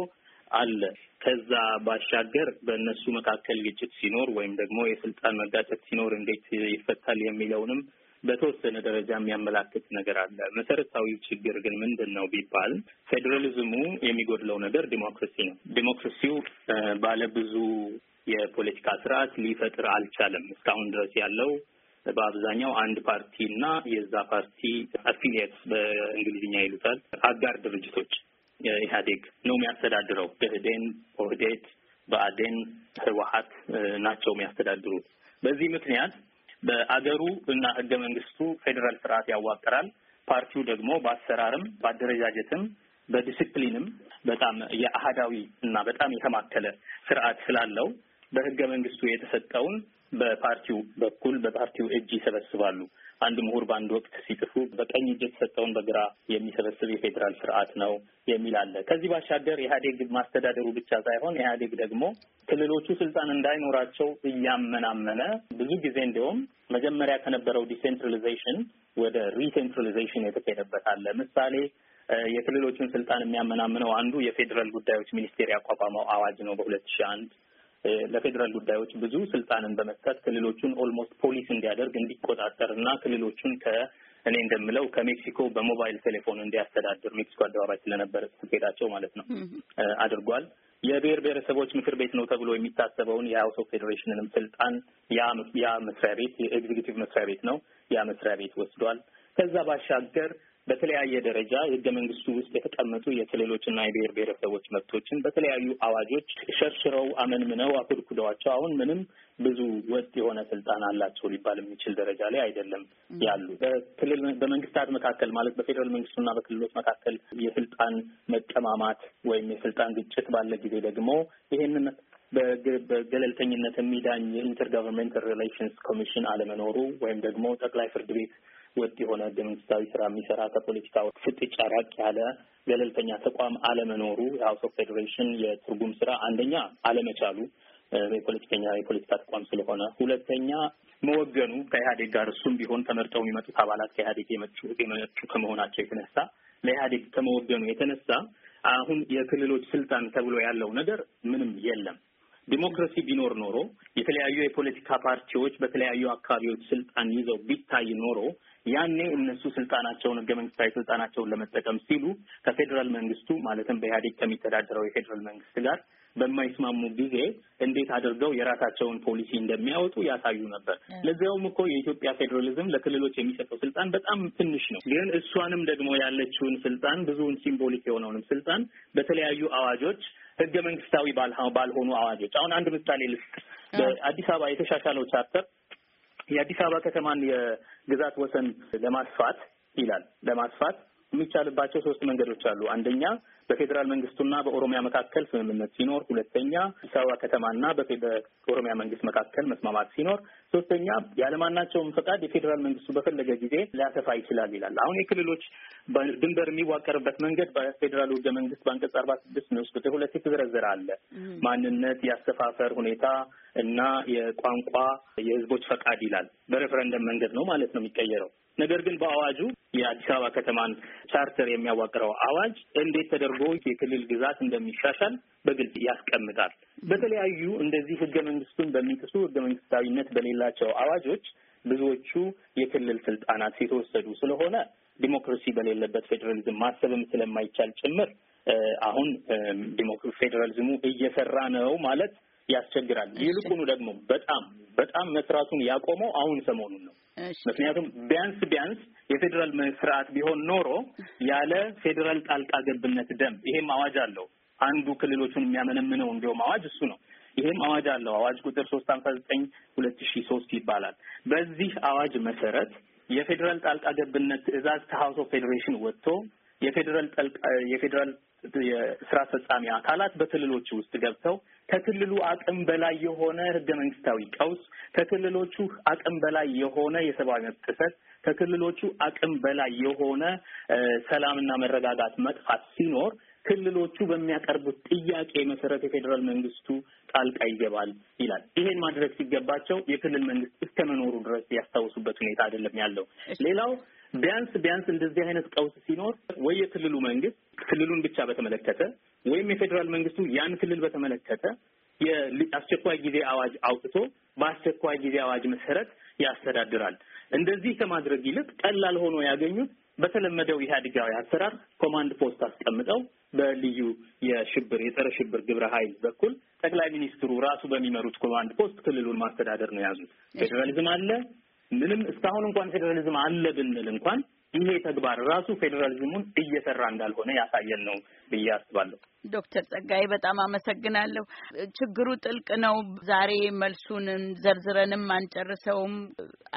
አለ። ከዛ ባሻገር በእነሱ መካከል ግጭት ሲኖር ወይም ደግሞ የስልጣን መጋጨት ሲኖር እንዴት ይፈታል የሚለውንም በተወሰነ ደረጃ የሚያመላክት ነገር አለ። መሰረታዊው ችግር ግን ምንድን ነው ቢባል ፌዴራሊዝሙ የሚጎድለው ነገር ዲሞክራሲ ነው። ዲሞክራሲው ባለብዙ የፖለቲካ ስርዓት ሊፈጥር አልቻለም። እስካሁን ድረስ ያለው በአብዛኛው አንድ ፓርቲ እና የዛ ፓርቲ አፊሊየት በእንግሊዝኛ ይሉታል አጋር ድርጅቶች ኢህአዴግ ነው የሚያስተዳድረው። ደህዴን፣ ኦህዴድ፣ ብአዴን፣ ህወሀት ናቸው የሚያስተዳድሩት። በዚህ ምክንያት በአገሩ እና ህገ መንግስቱ ፌዴራል ስርዓት ያዋቅራል። ፓርቲው ደግሞ በአሰራርም በአደረጃጀትም በዲስፕሊንም በጣም የአህዳዊ እና በጣም የተማከለ ስርዓት ስላለው በህገ መንግስቱ የተሰጠውን በፓርቲው በኩል በፓርቲው እጅ ይሰበስባሉ። አንድ ምሁር በአንድ ወቅት ሲጽፉ በቀኝ እጅ የተሰጠውን በግራ የሚሰበስብ የፌዴራል ስርዓት ነው የሚል አለ። ከዚህ ባሻገር ኢህአዴግ ማስተዳደሩ ብቻ ሳይሆን ኢህአዴግ ደግሞ ክልሎቹ ስልጣን እንዳይኖራቸው እያመናመነ ብዙ ጊዜ እንዲሁም መጀመሪያ ከነበረው ዲሴንትራሊዜሽን ወደ ሪሴንትራሊዜሽን የተካሄደበት አለ። ምሳሌ የክልሎቹን ስልጣን የሚያመናምነው አንዱ የፌዴራል ጉዳዮች ሚኒስቴር ያቋቋመው አዋጅ ነው በሁለት ሺህ አንድ ለፌዴራል ጉዳዮች ብዙ ስልጣንን በመስጠት ክልሎቹን ኦልሞስት ፖሊስ እንዲያደርግ እንዲቆጣጠር እና ክልሎቹን ከ እኔ እንደምለው ከሜክሲኮ በሞባይል ቴሌፎን እንዲያስተዳድር ሜክሲኮ አደባባይ ስለነበረ ስትሄዳቸው ማለት ነው አድርጓል። የብሔር ብሔረሰቦች ምክር ቤት ነው ተብሎ የሚታሰበውን የሀውስ ኦፍ ፌዴሬሽንንም ስልጣን ያ መስሪያ ቤት የኤግዚኪቲቭ መስሪያ ቤት ነው ያ መስሪያ ቤት ወስዷል። ከዛ ባሻገር በተለያየ ደረጃ ህገ መንግስቱ ውስጥ የተቀመጡ የክልሎችና የብሔር ብሔረሰቦች መብቶችን በተለያዩ አዋጆች ሸርሽረው አመንምነው አኩድኩደዋቸው አሁን ምንም ብዙ ወጥ የሆነ ስልጣን አላቸው ሊባል የሚችል ደረጃ ላይ አይደለም ያሉ። በክልል በመንግስታት መካከል ማለት በፌዴራል መንግስቱና በክልሎች መካከል የስልጣን መቀማማት ወይም የስልጣን ግጭት ባለ ጊዜ ደግሞ ይሄንን በገለልተኝነት የሚዳኝ የኢንተርጋቨርንመንታል ሪሌሽንስ ኮሚሽን አለመኖሩ ወይም ደግሞ ጠቅላይ ፍርድ ቤት ወጥ የሆነ ህገ መንግስታዊ ስራ የሚሰራ ከፖለቲካ ፍጥጫ ራቅ ያለ ገለልተኛ ተቋም አለመኖሩ የሀውስ ኦፍ ፌዴሬሽን የትርጉም ስራ አንደኛ አለመቻሉ የፖለቲከኛ የፖለቲካ ተቋም ስለሆነ፣ ሁለተኛ መወገኑ ከኢህአዴግ ጋር እሱም ቢሆን ተመርጠው የሚመጡት አባላት ከኢህአዴግ የመጡ ከመሆናቸው የተነሳ ለኢህአዴግ ከመወገኑ የተነሳ አሁን የክልሎች ስልጣን ተብሎ ያለው ነገር ምንም የለም። ዲሞክራሲ ቢኖር ኖሮ የተለያዩ የፖለቲካ ፓርቲዎች በተለያዩ አካባቢዎች ስልጣን ይዘው ቢታይ ኖሮ ያኔ እነሱ ስልጣናቸውን ህገ መንግስታዊ ስልጣናቸውን ለመጠቀም ሲሉ ከፌዴራል መንግስቱ ማለትም በኢህአዴግ ከሚተዳደረው የፌዴራል መንግስት ጋር በማይስማሙ ጊዜ እንዴት አድርገው የራሳቸውን ፖሊሲ እንደሚያወጡ ያሳዩ ነበር። ለዚያውም እኮ የኢትዮጵያ ፌዴራሊዝም ለክልሎች የሚሰጠው ስልጣን በጣም ትንሽ ነው። ግን እሷንም ደግሞ ያለችውን ስልጣን ብዙውን ሲምቦሊክ የሆነውንም ስልጣን በተለያዩ አዋጆች ህገ መንግስታዊ ባልሆኑ አዋጆች አሁን አንድ ምሳሌ ልስጥ። በአዲስ አበባ የተሻሻለው ቻርተር የአዲስ አበባ ከተማን ግዛት ወሰን ለማስፋት ይላል ለማስፋት የሚቻልባቸው ሶስት መንገዶች አሉ። አንደኛ በፌዴራል መንግስቱና በኦሮሚያ መካከል ስምምነት ሲኖር፣ ሁለተኛ አዲስ አበባ ከተማና በኦሮሚያ መንግስት መካከል መስማማት ሲኖር፣ ሶስተኛ ያለማናቸውም ፈቃድ የፌዴራል መንግስቱ በፈለገ ጊዜ ሊያሰፋ ይችላል ይላል። አሁን የክልሎች ድንበር የሚዋቀርበት መንገድ በፌዴራሉ ህገ መንግስት በአንቀጽ አርባ ስድስት ንዑስ ቁጥር ሁለት የተዘረዘረ አለ። ማንነት፣ የአሰፋፈር ሁኔታ እና የቋንቋ የህዝቦች ፈቃድ ይላል። በሬፈረንደም መንገድ ነው ማለት ነው የሚቀየረው ነገር ግን በአዋጁ የአዲስ አበባ ከተማን ቻርተር የሚያዋቅረው አዋጅ እንዴት ተደርጎ የክልል ግዛት እንደሚሻሻል በግልጽ ያስቀምጣል። በተለያዩ እንደዚህ ህገ መንግስቱን በሚጥሱ ህገ መንግስታዊነት በሌላቸው አዋጆች ብዙዎቹ የክልል ስልጣናት የተወሰዱ ስለሆነ ዲሞክራሲ በሌለበት ፌዴራሊዝም ማሰብም ስለማይቻል ጭምር አሁን ፌዴራሊዝሙ እየሰራ ነው ማለት ያስቸግራል። ይልቁኑ ደግሞ በጣም በጣም መስራቱን ያቆመው አሁን ሰሞኑን ነው። ምክንያቱም ቢያንስ ቢያንስ የፌዴራል ስርዓት ቢሆን ኖሮ ያለ ፌዴራል ጣልቃ ገብነት ደንብ ይሄም አዋጅ አለው። አንዱ ክልሎቹን የሚያመነምነው እንዲሁም አዋጅ እሱ ነው። ይሄም አዋጅ አለው። አዋጅ ቁጥር ሶስት አምሳ ዘጠኝ ሁለት ሺ ሶስት ይባላል። በዚህ አዋጅ መሰረት የፌዴራል ጣልቃ ገብነት ትዕዛዝ ከሀውስ ኦፍ ፌዴሬሽን ወጥቶ የፌዴራል የፌዴራል የስራ አስፈጻሚ አካላት በክልሎች ውስጥ ገብተው ከክልሉ አቅም በላይ የሆነ ህገ መንግስታዊ ቀውስ፣ ከክልሎቹ አቅም በላይ የሆነ የሰብአዊ መብት ጥሰት፣ ከክልሎቹ አቅም በላይ የሆነ ሰላምና መረጋጋት መጥፋት ሲኖር ክልሎቹ በሚያቀርቡት ጥያቄ መሰረት የፌዴራል መንግስቱ ጣልቃ ይገባል ይላል። ይሄን ማድረግ ሲገባቸው የክልል መንግስት እስከ መኖሩ ድረስ ያስታውሱበት ሁኔታ አይደለም ያለው። ሌላው ቢያንስ ቢያንስ እንደዚህ አይነት ቀውስ ሲኖር ወይ የክልሉ መንግስት ክልሉን ብቻ በተመለከተ ወይም የፌዴራል መንግስቱ ያን ክልል በተመለከተ የአስቸኳይ ጊዜ አዋጅ አውጥቶ በአስቸኳይ ጊዜ አዋጅ መሰረት ያስተዳድራል። እንደዚህ ከማድረግ ይልቅ ቀላል ሆኖ ያገኙት በተለመደው ኢህአዴጋዊ አሰራር ኮማንድ ፖስት አስቀምጠው በልዩ የሽብር የጸረ ሽብር ግብረ ኃይል በኩል ጠቅላይ ሚኒስትሩ ራሱ በሚመሩት ኮማንድ ፖስት ክልሉን ማስተዳደር ነው የያዙት። ፌዴራሊዝም አለ፣ ምንም እስካሁን እንኳን ፌዴራሊዝም አለ ብንል እንኳን ይሄ ተግባር ራሱ ፌዴራሊዝሙን እየሰራ እንዳልሆነ ያሳየን ነው ብዬ አስባለሁ። ዶክተር ጸጋዬ በጣም አመሰግናለሁ። ችግሩ ጥልቅ ነው። ዛሬ መልሱንም ዘርዝረንም አንጨርሰውም።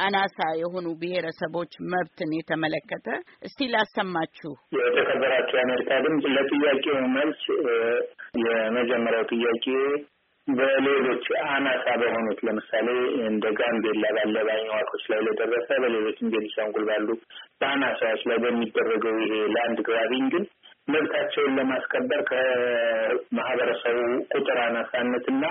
አናሳ የሆኑ ብሔረሰቦች መብትን የተመለከተ እስቲ ላሰማችሁ። የተከበራችሁ የአሜሪካ ድምፅ ለጥያቄው መልስ የመጀመሪያው ጥያቄ በሌሎች አናሳ በሆኑት ለምሳሌ እንደ ጋምቤላ ባለ ባኝዋኮች ላይ ለደረሰ በሌሎች እንደ ቢሻንጉል ባሉ በአናሳዎች ላይ በሚደረገው ይሄ ላንድ ግራቢንግ ግን መብታቸውን ለማስከበር ከማህበረሰቡ ቁጥር አናሳነትና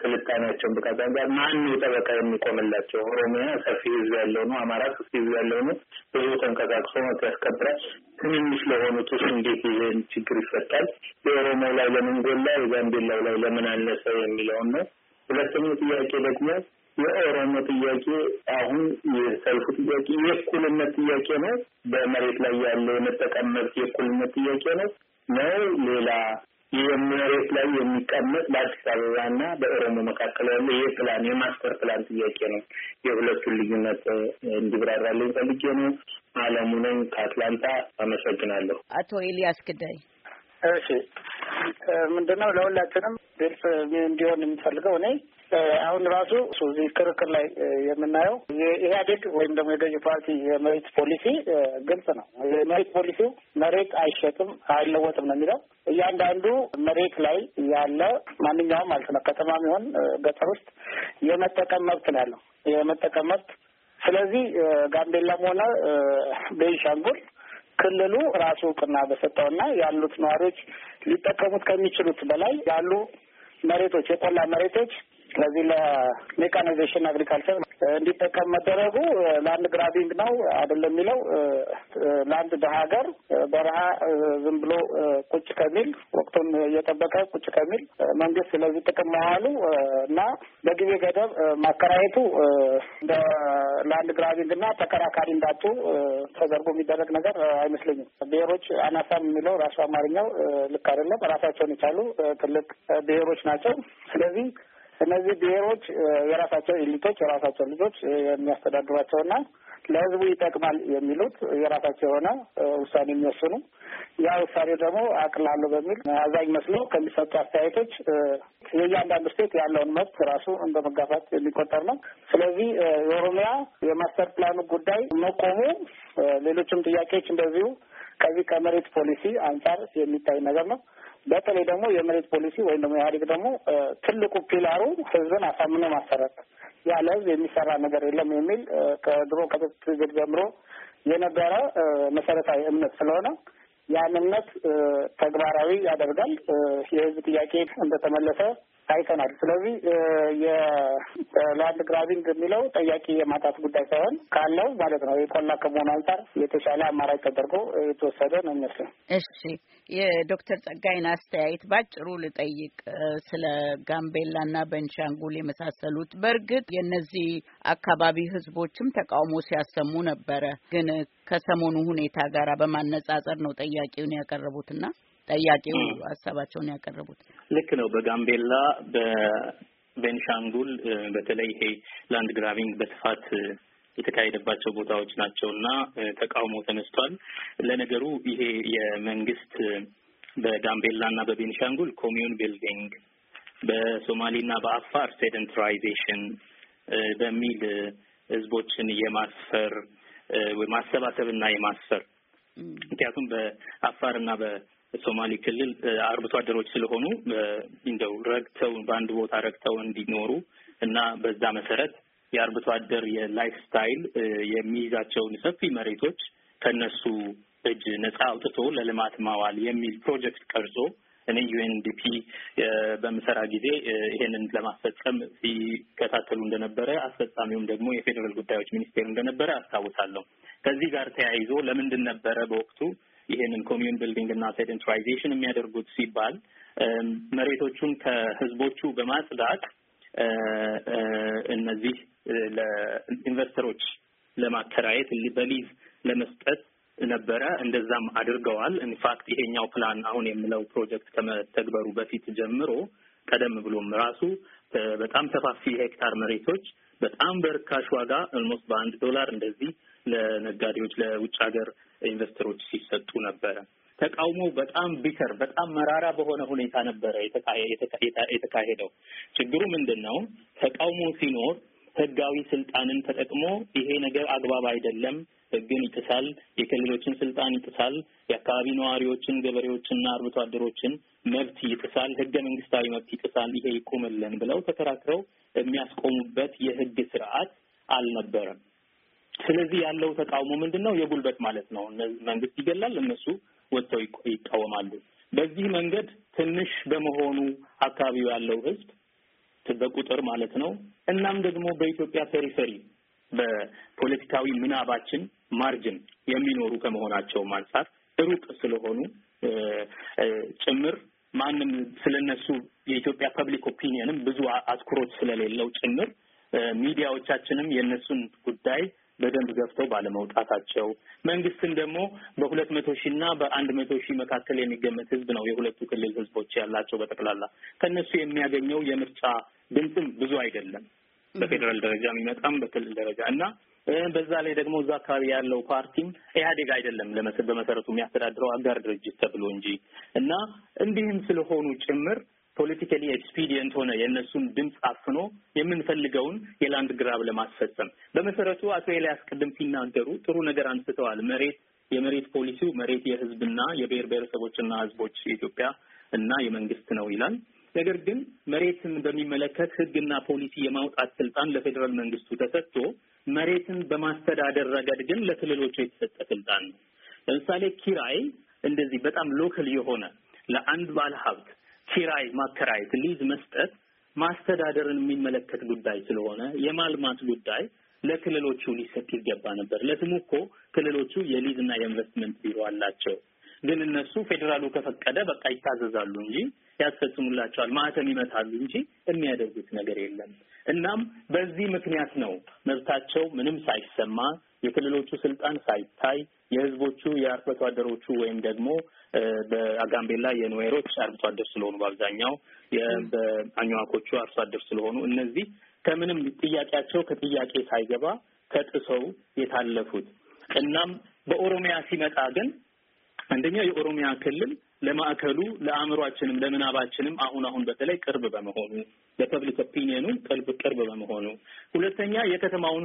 ከስልጣኔያቸውን ብቃት አንጻር ማን ነው ጠበቃ የሚቆምላቸው? ኦሮሚያ ሰፊ ህዝብ ያለው ነው። አማራ ሰፊ ህዝብ ያለው ነው። ብዙ ተንቀሳቅሶ መብት ያስከብራል። ትንንሽ ለሆኑት ውስጥ እንዴት ይሄን ችግር ይፈታል? የኦሮሞ ላይ ለምን ጎላ፣ የጋምቤላው ላይ ለምን አነሰ የሚለውን ነው። ሁለተኛው ጥያቄ ደግሞ የኦሮሞ ጥያቄ አሁን የሰልፉ ጥያቄ የእኩልነት ጥያቄ ነው። በመሬት ላይ ያለው የመጠቀም መብት የእኩልነት ጥያቄ ነው ነው ሌላ ይህ መሬት ላይ የሚቀመጥ በአዲስ አበባና በኦሮሞ መካከል ያለ ይህ ፕላን የማስተር ፕላን ጥያቄ ነው። የሁለቱን ልዩነት እንዲብራራልኝ ፈልጌ ነው። አለሙ ነኝ ከአትላንታ። አመሰግናለሁ። አቶ ኤልያስ ግዳይ እሺ ምንድነው ለሁላችንም ግልጽ እንዲሆን የሚፈልገው እኔ አሁን ራሱ እዚህ ክርክር ላይ የምናየው የኢህአዴግ ወይም ደግሞ የገዢ ፓርቲ የመሬት ፖሊሲ ግልጽ ነው። የመሬት ፖሊሲው መሬት አይሸጥም አይለወጥም ነው የሚለው። እያንዳንዱ መሬት ላይ ያለ ማንኛውም ማለት ነው ከተማም ይሁን ገጠር ውስጥ የመጠቀም መብት ነው ያለው የመጠቀም መብት። ስለዚህ ጋምቤላም ሆነ ቤንሻንጉል ክልሉ ራሱ እውቅና በሰጠውና ያሉት ነዋሪዎች ሊጠቀሙት ከሚችሉት በላይ ያሉ መሬቶች የቆላ መሬቶች ለዚህ ለሜካናይዜሽን አግሪካልቸር እንዲጠቀም መደረጉ ላንድ ግራቢንግ ነው አይደለም የሚለው ለአንድ በሀገር በረሃ ዝም ብሎ ቁጭ ከሚል ወቅቱን እየጠበቀ ቁጭ ከሚል መንግስት ስለዚህ ጥቅም መዋሉ እና በጊዜ ገደብ ማከራየቱ እንደ ላንድ ግራቢንግ እና ተከራካሪ እንዳጡ ተደርጎ የሚደረግ ነገር አይመስለኝም። ብሔሮች አናሳም የሚለው ራሱ አማርኛው ልክ አይደለም። ራሳቸውን የቻሉ ትልቅ ብሔሮች ናቸው። ስለዚህ እነዚህ ብሔሮች የራሳቸው ኤሊቶች የራሳቸው ልጆች የሚያስተዳድሯቸውና ለህዝቡ ይጠቅማል የሚሉት የራሳቸው የሆነ ውሳኔ የሚወስኑ ያ ውሳኔ ደግሞ አቅላሉ በሚል አዛኝ መስሎ ከሚሰጡ አስተያየቶች የእያንዳንዱ ስቴት ያለውን መብት ራሱ እንደ መጋፋት የሚቆጠር ነው። ስለዚህ የኦሮሚያ የማስተር ፕላኑ ጉዳይ መቆሙ ሌሎችም ጥያቄዎች እንደዚሁ ከዚህ ከመሬት ፖሊሲ አንጻር የሚታይ ነገር ነው። በተለይ ደግሞ የመሬት ፖሊሲ ወይም ደግሞ ኢህአዴግ ደግሞ ትልቁ ፒላሩ ህዝብን አሳምኖ ማሰረት ያለ ህዝብ የሚሰራ ነገር የለም የሚል ከድሮ ከጥት ጀምሮ የነበረ መሰረታዊ እምነት ስለሆነ ያን እምነት ተግባራዊ ያደርጋል። የህዝብ ጥያቄ እንደተመለሰ አይተናል። ስለዚህ የላንድ ግራቢንግ የሚለው ጠያቂ የማጣት ጉዳይ ሳይሆን ካለው ማለት ነው የቆላ ከመሆኑ አንጻር የተሻለ አማራጭ ተደርጎ የተወሰደ ነው የሚመስለው። እሺ የዶክተር ጸጋይን አስተያየት ባጭሩ ልጠይቅ። ስለ ጋምቤላና በንሻንጉል የመሳሰሉት በእርግጥ የእነዚህ አካባቢ ህዝቦችም ተቃውሞ ሲያሰሙ ነበረ። ግን ከሰሞኑ ሁኔታ ጋር በማነጻጸር ነው ጠያቂውን ያቀረቡትና ጠያቂው ሀሳባቸውን ያቀረቡት ልክ ነው። በጋምቤላ በቤንሻንጉል በተለይ ይሄ ላንድ ግራቢንግ በስፋት የተካሄደባቸው ቦታዎች ናቸው እና ተቃውሞ ተነስቷል። ለነገሩ ይሄ የመንግስት በጋምቤላ እና በቤንሻንጉል ኮሚዩን ቢልዲንግ በሶማሌ እና በአፋር ሴደንትራይዜሽን በሚል ህዝቦችን የማስፈር ማሰባሰብ እና የማስፈር ምክንያቱም በአፋር እና ሶማሌ ክልል አርብቶ አደሮች ስለሆኑ እንደው ረግተው በአንድ ቦታ ረግተው እንዲኖሩ እና በዛ መሰረት የአርብቶ አደር የላይፍ ስታይል የሚይዛቸውን ሰፊ መሬቶች ከነሱ እጅ ነፃ አውጥቶ ለልማት ማዋል የሚል ፕሮጀክት ቀርጾ እኔ ዩኤንዲፒ በምሰራ ጊዜ ይሄንን ለማስፈጸም ሲከታተሉ እንደነበረ አስፈጻሚውም ደግሞ የፌዴራል ጉዳዮች ሚኒስቴር እንደነበረ አስታውሳለሁ። ከዚህ ጋር ተያይዞ ለምንድን ነበረ በወቅቱ ይህንን ኮሚዩን ቢልዲንግ እና ሴደንትራይዜሽን የሚያደርጉት ሲባል መሬቶቹን ከህዝቦቹ በማጽዳት እነዚህ ለኢንቨስተሮች ለማከራየት በሊዝ ለመስጠት ነበረ። እንደዛም አድርገዋል። ኢንፋክት ይሄኛው ፕላን አሁን የምለው ፕሮጀክት ከመተግበሩ በፊት ጀምሮ ቀደም ብሎም ራሱ በጣም ሰፋፊ ሄክታር መሬቶች በጣም በርካሽ ዋጋ ኦልሞስት በአንድ ዶላር እንደዚህ ለነጋዴዎች፣ ለውጭ ሀገር ኢንቨስተሮች ሲሰጡ ነበረ። ተቃውሞ በጣም ቢተር በጣም መራራ በሆነ ሁኔታ ነበረ የተካሄደው። ችግሩ ምንድን ነው? ተቃውሞ ሲኖር ህጋዊ ስልጣንን ተጠቅሞ ይሄ ነገር አግባብ አይደለም፣ ህግን ይጥሳል፣ የክልሎችን ስልጣን ይጥሳል፣ የአካባቢ ነዋሪዎችን ገበሬዎችና አርብቶ አደሮችን መብት ይጥሳል፣ ህገ መንግስታዊ መብት ይጥሳል፣ ይሄ ይቁምልን ብለው ተከራክረው የሚያስቆሙበት የህግ ስርዓት አልነበረም። ስለዚህ ያለው ተቃውሞ ምንድን ነው? የጉልበት ማለት ነው። መንግስት ይገላል፣ እነሱ ወጥተው ይቃወማሉ። በዚህ መንገድ ትንሽ በመሆኑ አካባቢው ያለው ህዝብ በቁጥር ማለት ነው። እናም ደግሞ በኢትዮጵያ ፔሪፈሪ በፖለቲካዊ ምናባችን ማርጅን የሚኖሩ ከመሆናቸው አንጻር ሩቅ ስለሆኑ ጭምር ማንም ስለነሱ የኢትዮጵያ ፐብሊክ ኦፒኒየንም ብዙ አትኩሮት ስለሌለው ጭምር ሚዲያዎቻችንም የእነሱን ጉዳይ በደንብ ገፍተው ባለመውጣታቸው መንግስትም ደግሞ በሁለት መቶ ሺህ እና በአንድ መቶ ሺህ መካከል የሚገመት ህዝብ ነው የሁለቱ ክልል ህዝቦች ያላቸው በጠቅላላ ከእነሱ የሚያገኘው የምርጫ ድምፅም ብዙ አይደለም። በፌዴራል ደረጃ የሚመጣም በክልል ደረጃ እና በዛ ላይ ደግሞ እዛ አካባቢ ያለው ፓርቲም ኢህአዴግ አይደለም በመሰረቱ የሚያስተዳድረው አጋር ድርጅት ተብሎ እንጂ እና እንዲህም ስለሆኑ ጭምር ፖለቲካሊ ኤክስፒዲየንት ሆነ የእነሱን ድምፅ አፍኖ የምንፈልገውን የላንድ ግራብ ለማስፈጸም በመሰረቱ አቶ ኤልያስ ቅድም ሲናገሩ ጥሩ ነገር አንስተዋል። መሬት የመሬት ፖሊሲው መሬት የህዝብና የብሔር ብሔረሰቦችና ህዝቦች የኢትዮጵያ እና የመንግስት ነው ይላል። ነገር ግን መሬትን በሚመለከት ህግና ፖሊሲ የማውጣት ስልጣን ለፌዴራል መንግስቱ ተሰጥቶ መሬትን በማስተዳደር ረገድ ግን ለክልሎቹ የተሰጠ ስልጣን ነው። ለምሳሌ ኪራይ እንደዚህ በጣም ሎከል የሆነ ለአንድ ባለ ሀብት ኪራይ ማከራየት፣ ሊዝ መስጠት ማስተዳደርን የሚመለከት ጉዳይ ስለሆነ የማልማት ጉዳይ ለክልሎቹ ሊሰጥ ይገባ ነበር። ለስሙ እኮ ክልሎቹ የሊዝና የኢንቨስትመንት ቢሮ አላቸው። ግን እነሱ ፌዴራሉ ከፈቀደ በቃ ይታዘዛሉ እንጂ ያስፈጽሙላቸዋል፣ ማህተም ይመታሉ እንጂ የሚያደርጉት ነገር የለም። እናም በዚህ ምክንያት ነው መብታቸው ምንም ሳይሰማ የክልሎቹ ስልጣን ሳይታይ የህዝቦቹ የአርብቶ አደሮቹ ወይም ደግሞ በጋምቤላ የኑዌሮች አርብቶ አደር ስለሆኑ በአብዛኛው በአኝዋኮቹ አርሶ አደር ስለሆኑ እነዚህ ከምንም ጥያቄያቸው ከጥያቄ ሳይገባ ተጥሰው የታለፉት እናም በኦሮሚያ ሲመጣ ግን አንደኛው የኦሮሚያ ክልል ለማዕከሉ ለአእምሯችንም ለምናባችንም አሁን አሁን በተለይ ቅርብ በመሆኑ ለፐብሊክ ኦፒኒየኑ ቅርብ ቅርብ በመሆኑ፣ ሁለተኛ የከተማውን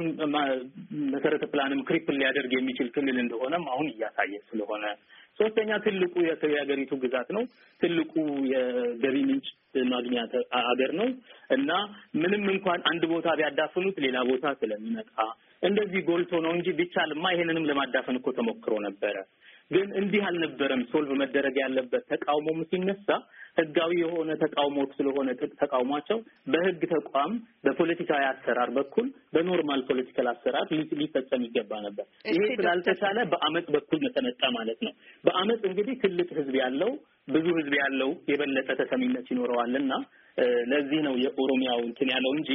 መሰረተ ፕላንም ክሪፕል ሊያደርግ የሚችል ክልል እንደሆነም አሁን እያሳየ ስለሆነ፣ ሶስተኛ ትልቁ የሀገሪቱ ግዛት ነው። ትልቁ የገቢ ምንጭ ማግኛ አገር ነው እና ምንም እንኳን አንድ ቦታ ቢያዳፍኑት ሌላ ቦታ ስለሚመጣ እንደዚህ ጎልቶ ነው እንጂ ቢቻልማ ይሄንንም ለማዳፈን እኮ ተሞክሮ ነበረ። ግን እንዲህ አልነበረም ሶልቭ መደረግ ያለበት። ተቃውሞም ሲነሳ ህጋዊ የሆነ ተቃውሞ ስለሆነ ተቃውሟቸው በህግ ተቋም በፖለቲካዊ አሰራር በኩል በኖርማል ፖለቲካል አሰራር ሊፈጸም ይገባ ነበር። ይሄ ስላልተቻለ በአመፅ በኩል መተመጣ ማለት ነው። በአመፅ እንግዲህ ትልቅ ህዝብ ያለው ብዙ ህዝብ ያለው የበለጠ ተሰሚነት ይኖረዋልና ለዚህ ነው የኦሮሚያው እንትን ያለው እንጂ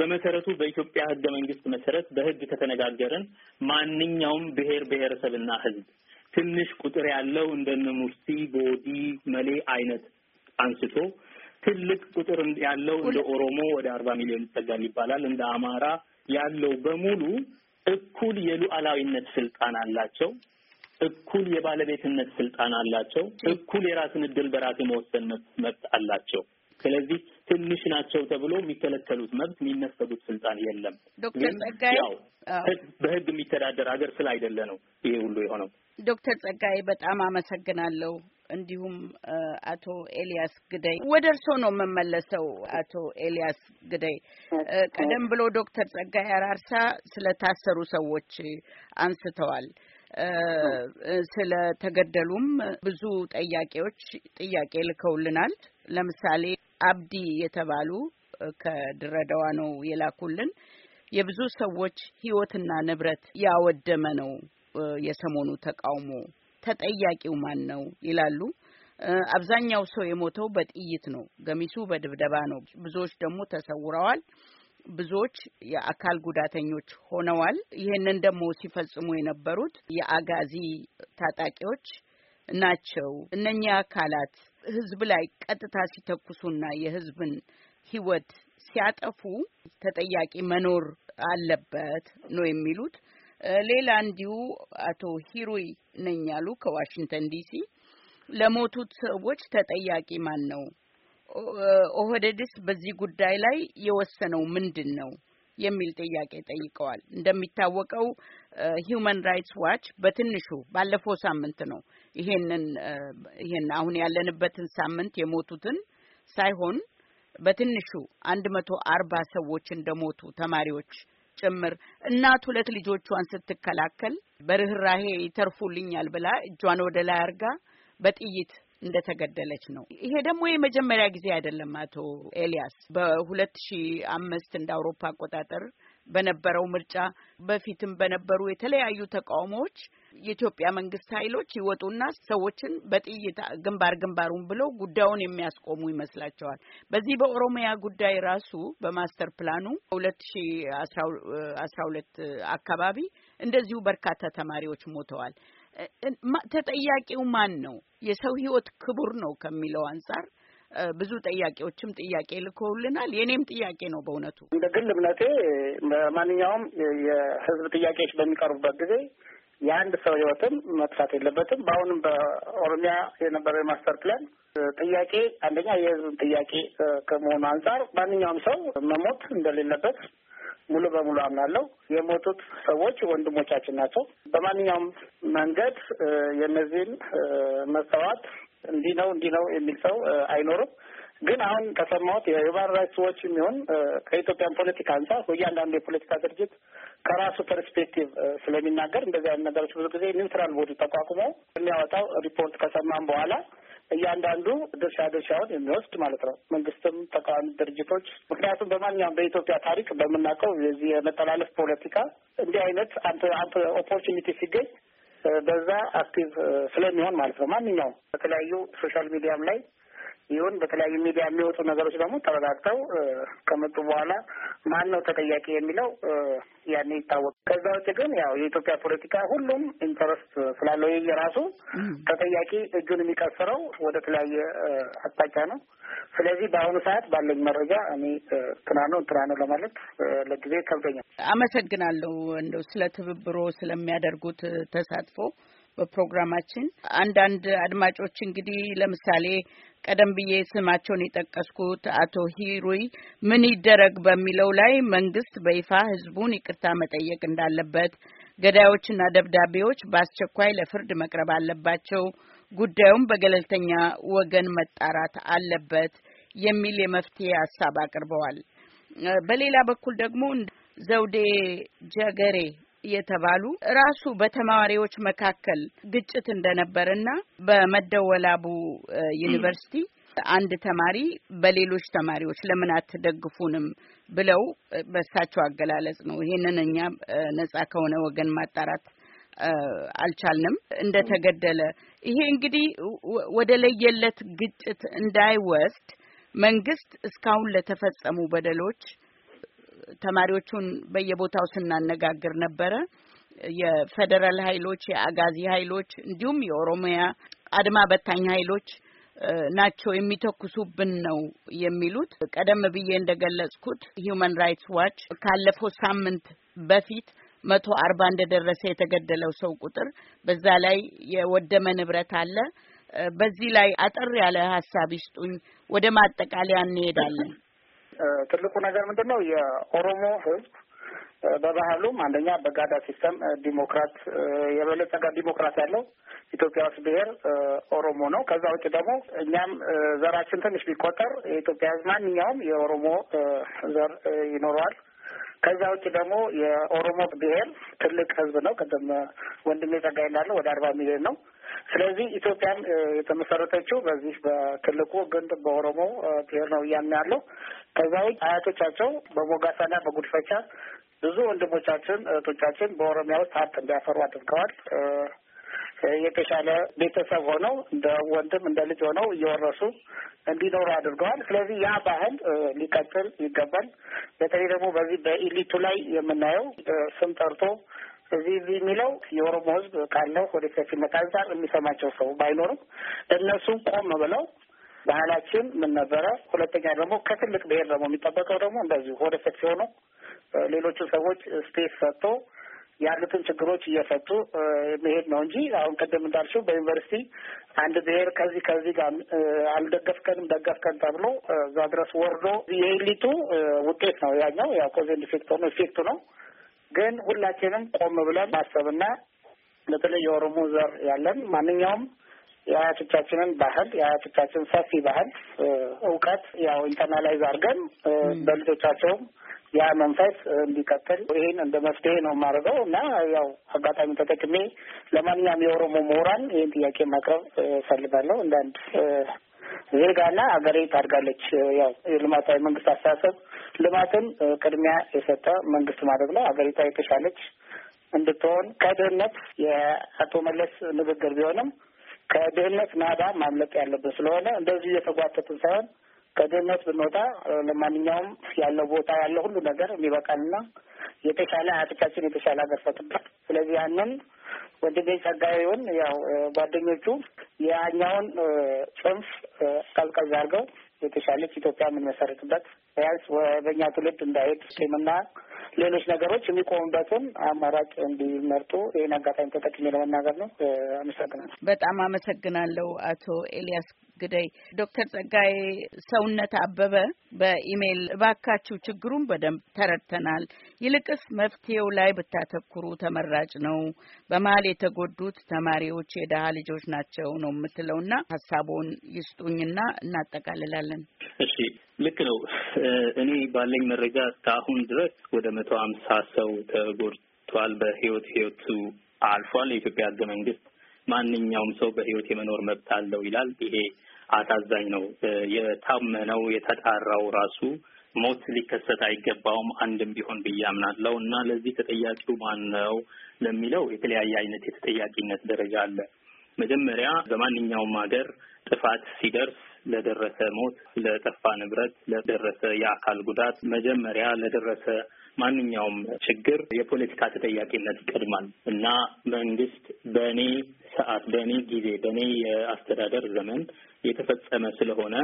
በመሰረቱ በኢትዮጵያ ህገ መንግስት መሰረት በህግ ከተነጋገርን ማንኛውም ብሔር ብሔረሰብና ህዝብ ትንሽ ቁጥር ያለው እንደነ ሙርሲ፣ ቦዲ፣ መሌ አይነት አንስቶ ትልቅ ቁጥር ያለው እንደ ኦሮሞ ወደ አርባ ሚሊዮን ይጠጋል ይባላል። እንደ አማራ ያለው በሙሉ እኩል የሉዓላዊነት ስልጣን አላቸው። እኩል የባለቤትነት ስልጣን አላቸው። እኩል የራስን እድል በራስ የመወሰን መብት አላቸው። ስለዚህ ትንሽ ናቸው ተብሎ የሚከለከሉት መብት የሚነፈጉት ስልጣን የለም። ዶክተር ጸጋይ በህግ የሚተዳደር ሀገር ስላይደለ ነው ይሄ ሁሉ የሆነው። ዶክተር ጸጋይ በጣም አመሰግናለሁ። እንዲሁም አቶ ኤልያስ ግደይ ወደ እርስዎ ነው የምመለሰው። አቶ ኤልያስ ግደይ ቀደም ብሎ ዶክተር ጸጋይ አራርሳ ስለታሰሩ ሰዎች አንስተዋል። ስለተገደሉም ብዙ ጠያቄዎች ጥያቄ ልከውልናል። ለምሳሌ አብዲ የተባሉ ከድረዳዋ ነው የላኩልን። የብዙ ሰዎች ህይወትና ንብረት ያወደመ ነው የሰሞኑ ተቃውሞ፣ ተጠያቂው ማን ነው ይላሉ። አብዛኛው ሰው የሞተው በጥይት ነው፣ ገሚሱ በድብደባ ነው። ብዙዎች ደግሞ ተሰውረዋል። ብዙዎች የአካል ጉዳተኞች ሆነዋል። ይህንን ደግሞ ሲፈጽሙ የነበሩት የአጋዚ ታጣቂዎች ናቸው። እነኚህ አካላት ህዝብ ላይ ቀጥታ ሲተኩሱና የህዝብን ህይወት ሲያጠፉ ተጠያቂ መኖር አለበት ነው የሚሉት። ሌላ እንዲሁ አቶ ሂሩይ ነኝ ያሉ ከዋሽንግተን ዲሲ ለሞቱት ሰዎች ተጠያቂ ማን ነው? ኦህደድስ በዚህ ጉዳይ ላይ የወሰነው ምንድን ነው የሚል ጥያቄ ጠይቀዋል። እንደሚታወቀው ሂዩማን ራይትስ ዋች በትንሹ ባለፈው ሳምንት ነው ይሄንን ይሄን አሁን ያለንበትን ሳምንት የሞቱትን ሳይሆን በትንሹ አንድ መቶ አርባ ሰዎች እንደሞቱ ተማሪዎች ጭምር እናት ሁለት ልጆቿን ስትከላከል በርህራሄ ይተርፉልኛል ብላ እጇን ወደ ላይ አርጋ በጥይት እንደተገደለች ነው። ይሄ ደግሞ የመጀመሪያ ጊዜ አይደለም። አቶ ኤልያስ በሁለት ሺ አምስት እንደ አውሮፓ አቆጣጠር በነበረው ምርጫ በፊትም በነበሩ የተለያዩ ተቃውሞዎች የኢትዮጵያ መንግስት ኃይሎች ይወጡና ሰዎችን በጥይት ግንባር ግንባሩን ብለው ጉዳዩን የሚያስቆሙ ይመስላቸዋል። በዚህ በኦሮሚያ ጉዳይ ራሱ በማስተር ፕላኑ ሁለት ሺ አስራ ሁለት አካባቢ እንደዚሁ በርካታ ተማሪዎች ሞተዋል። ተጠያቂው ማን ነው? የሰው ህይወት ክቡር ነው ከሚለው አንጻር ብዙ ጥያቄዎችም ጥያቄ ልኮውልናል። የእኔም ጥያቄ ነው በእውነቱ እንደ ግል እምነቴ ማንኛውም የህዝብ ጥያቄዎች በሚቀርቡበት ጊዜ የአንድ ሰው ህይወትም መጥፋት የለበትም። በአሁንም በኦሮሚያ የነበረ የማስተር ፕላን ጥያቄ አንደኛ የህዝብን ጥያቄ ከመሆኑ አንጻር ማንኛውም ሰው መሞት እንደሌለበት ሙሉ በሙሉ አምናለሁ። የሞቱት ሰዎች ወንድሞቻችን ናቸው። በማንኛውም መንገድ የእነዚህን መስተዋት እንዲህ ነው እንዲህ ነው የሚል ሰው አይኖርም። ግን አሁን ከሰማሁት የሂውማን ራይትስ ዎች የሚሆን ከኢትዮጵያን ፖለቲካ አንጻር እያንዳንዱ የፖለቲካ ድርጅት ከራሱ ፐርስፔክቲቭ ስለሚናገር እንደዚህ አይነት ነገሮች ብዙ ጊዜ ኒውትራል ቦዲ ተቋቁመው የሚያወጣው ሪፖርት ከሰማም በኋላ እያንዳንዱ ድርሻ ድርሻውን የሚወስድ ማለት ነው። መንግስትም፣ ተቃዋሚ ድርጅቶች ምክንያቱም በማንኛውም በኢትዮጵያ ታሪክ በምናውቀው የዚህ የመጠላለፍ ፖለቲካ እንዲህ አይነት ኦፖርቹኒቲ ሲገኝ በዛ አክቲቭ ስለሚሆን ማለት ነው። ማንኛውም በተለያዩ ሶሻል ሚዲያም ላይ ይሁን በተለያዩ ሚዲያ የሚወጡ ነገሮች ደግሞ ተረጋግተው ከመጡ በኋላ ማን ነው ተጠያቂ የሚለው ያን ይታወቅ። ከዛ ውጭ ግን ያው የኢትዮጵያ ፖለቲካ ሁሉም ኢንተረስት ስላለው የራሱ ተጠያቂ እጁን የሚቀስረው ወደ ተለያየ አቅጣጫ ነው። ስለዚህ በአሁኑ ሰዓት ባለኝ መረጃ እኔ እንትና ነው እንትና ነው ለማለት ለጊዜ ከብደኛል። አመሰግናለሁ እንደው ስለ ትብብሮ ስለሚያደርጉት ተሳትፎ በፕሮግራማችን አንዳንድ አድማጮች እንግዲህ ለምሳሌ ቀደም ብዬ ስማቸውን የጠቀስኩት አቶ ሂሩይ ምን ይደረግ በሚለው ላይ መንግስት በይፋ ህዝቡን ይቅርታ መጠየቅ እንዳለበት፣ ገዳዮችና ደብዳቤዎች በአስቸኳይ ለፍርድ መቅረብ አለባቸው፣ ጉዳዩም በገለልተኛ ወገን መጣራት አለበት የሚል የመፍትሄ ሀሳብ አቅርበዋል። በሌላ በኩል ደግሞ ዘውዴ ጀገሬ የተባሉ ራሱ በተማሪዎች መካከል ግጭት እንደነበርና በመደወላቡ ዩኒቨርሲቲ አንድ ተማሪ በሌሎች ተማሪዎች ለምን አትደግፉንም ብለው በእሳቸው አገላለጽ ነው። ይሄንን እኛ ነጻ ከሆነ ወገን ማጣራት አልቻልንም። እንደተገደለ ይሄ እንግዲህ ወደ ለየለት ግጭት እንዳይወስድ መንግስት እስካሁን ለተፈጸሙ በደሎች ተማሪዎቹን በየቦታው ስናነጋግር ነበረ። የፌዴራል ኃይሎች፣ የአጋዚ ኃይሎች እንዲሁም የኦሮሚያ አድማ በታኝ ኃይሎች ናቸው የሚተኩሱብን ነው የሚሉት። ቀደም ብዬ እንደገለጽኩት ሂዩማን ራይትስ ዋች ካለፈው ሳምንት በፊት መቶ አርባ እንደደረሰ የተገደለው ሰው ቁጥር በዛ ላይ የወደመ ንብረት አለ። በዚህ ላይ አጠር ያለ ሀሳብ ይስጡኝ። ወደ ማጠቃለያ እንሄዳለን። ትልቁ ነገር ምንድን ነው? የኦሮሞ ህዝብ በባህሉም አንደኛ በጋዳ ሲስተም ዲሞክራት የበለጸጋ ዲሞክራት ያለው ኢትዮጵያ ውስጥ ብሔር ኦሮሞ ነው። ከዛ ውጭ ደግሞ እኛም ዘራችን ትንሽ ቢቆጠር የኢትዮጵያ ህዝብ ማንኛውም የኦሮሞ ዘር ይኖረዋል። ከዛ ውጭ ደግሞ የኦሮሞ ብሔር ትልቅ ህዝብ ነው። ቅድም ወንድሜ ጸጋይ እንዳለው ወደ አርባ ሚሊዮን ነው። ስለዚህ ኢትዮጵያም የተመሰረተችው በዚህ በትልቁ ግንድ በኦሮሞ ብሔር ነው እያልን ያለው። ከዛ ውጭ አያቶቻቸው በሞጋሳና በጉድፈቻ ብዙ ወንድሞቻችን እህቶቻችን በኦሮሚያ ውስጥ ሀብት እንዲያፈሩ አድርገዋል። የተሻለ ቤተሰብ ሆነው እንደ ወንድም እንደ ልጅ ሆነው እየወረሱ እንዲኖሩ አድርገዋል። ስለዚህ ያ ባህል ሊቀጥል ይገባል። በተለይ ደግሞ በዚህ በኢሊቱ ላይ የምናየው ስም ጠርቶ እዚህ እዚህ የሚለው የኦሮሞ ህዝብ ካለው ወደ ሰፊነት አንጻር የሚሰማቸው ሰው ባይኖርም እነሱም ቆም ብለው ባህላችን ምን ነበረ፣ ሁለተኛ ደግሞ ከትልቅ ብሔር ደግሞ የሚጠበቀው ደግሞ እንደዚሁ ወደ ሰፊ ሆኖ ሌሎቹ ሰዎች ስፔስ ሰጥቶ ያሉትን ችግሮች እየፈቱ መሄድ ነው እንጂ አሁን ቅድም እንዳልሽው በዩኒቨርሲቲ አንድ ብሔር ከዚህ ከዚህ ጋር አልደገፍከንም ደገፍከን ተብሎ እዛ ድረስ ወርዶ የኤሊቱ ውጤት ነው ያኛው። ያው ኮዝ ኤንድ ኢፌክት ሆኖ ኢፌክቱ ነው ግን ሁላችንም ቆም ብለን ማሰብና በተለይ የኦሮሞ ዘር ያለን ማንኛውም የአያቶቻችንን ባህል የአያቶቻችን ሰፊ ባህል እውቀት ያው ኢንተርናላይዝ አድርገን በልጆቻቸውም ያ መንፈስ እንዲቀጥል ይህን እንደ መፍትሄ ነው የማደርገው እና ያው አጋጣሚ ተጠቅሜ ለማንኛውም የኦሮሞ ምሁራን ይህን ጥያቄ ማቅረብ እፈልጋለሁ እንዳንድ አንድ ዜጋና አገሬ ታድጋለች ያው የልማታዊ መንግስት አስተሳሰብ ልማትን ቅድሚያ የሰጠ መንግስት ማለት ነው። ሀገሪቷ የተሻለች እንድትሆን ከድህነት የአቶ መለስ ንግግር ቢሆንም ከድህነት ናዳ ማምለጥ ያለብን ስለሆነ እንደዚህ እየተጓተትን ሳይሆን ከድህነት ብንወጣ ለማንኛውም ያለው ቦታ ያለ ሁሉ ነገር የሚበቃልና የተሻለ አያቶቻችን የተሻለ ሀገር ፈጥበት። ስለዚህ ያንን ወንድሜ ጸጋዬውን ያው ጓደኞቹ የኛውን ጽንፍ ቀዝቀዝ አድርገው የተሻለች ኢትዮጵያ የምንመሰርትበት ቢያንስ በእኛ ትውልድ እንዳይሄድ ሴምና ሌሎች ነገሮች የሚቆሙበትን አማራጭ እንዲመርጡ ይህን አጋጣሚ ተጠቅሜ ለመናገር ነው። አመሰግናለሁ። በጣም አመሰግናለሁ አቶ ኤልያስ እንግዳይ ዶክተር ጸጋዬ ሰውነት አበበ በኢሜይል እባካችሁ ችግሩን በደንብ ተረድተናል፣ ይልቅስ መፍትሄው ላይ ብታተኩሩ ተመራጭ ነው። በመሀል የተጎዱት ተማሪዎች የደሃ ልጆች ናቸው ነው የምትለው እና ሀሳቡን ይስጡኝና እናጠቃልላለን። እሺ ልክ ነው። እኔ ባለኝ መረጃ እስከአሁን ድረስ ወደ መቶ ሀምሳ ሰው ተጎድቷል። በህይወት ህይወቱ አልፏል። የኢትዮጵያ ህገ መንግስት ማንኛውም ሰው በህይወት የመኖር መብት አለው ይላል። ይሄ አሳዛኝ ነው። የታመነው የተጣራው ራሱ ሞት ሊከሰት አይገባውም አንድም ቢሆን ብዬ አምናለሁ እና ለዚህ ተጠያቂው ማን ነው ለሚለው የተለያየ አይነት የተጠያቂነት ደረጃ አለ። መጀመሪያ በማንኛውም ሀገር ጥፋት ሲደርስ ለደረሰ ሞት፣ ለጠፋ ንብረት፣ ለደረሰ የአካል ጉዳት መጀመሪያ ለደረሰ ማንኛውም ችግር የፖለቲካ ተጠያቂነት ይቀድማል እና መንግስት በእኔ ሰዓት በእኔ ጊዜ በእኔ የአስተዳደር ዘመን የተፈጸመ ስለሆነ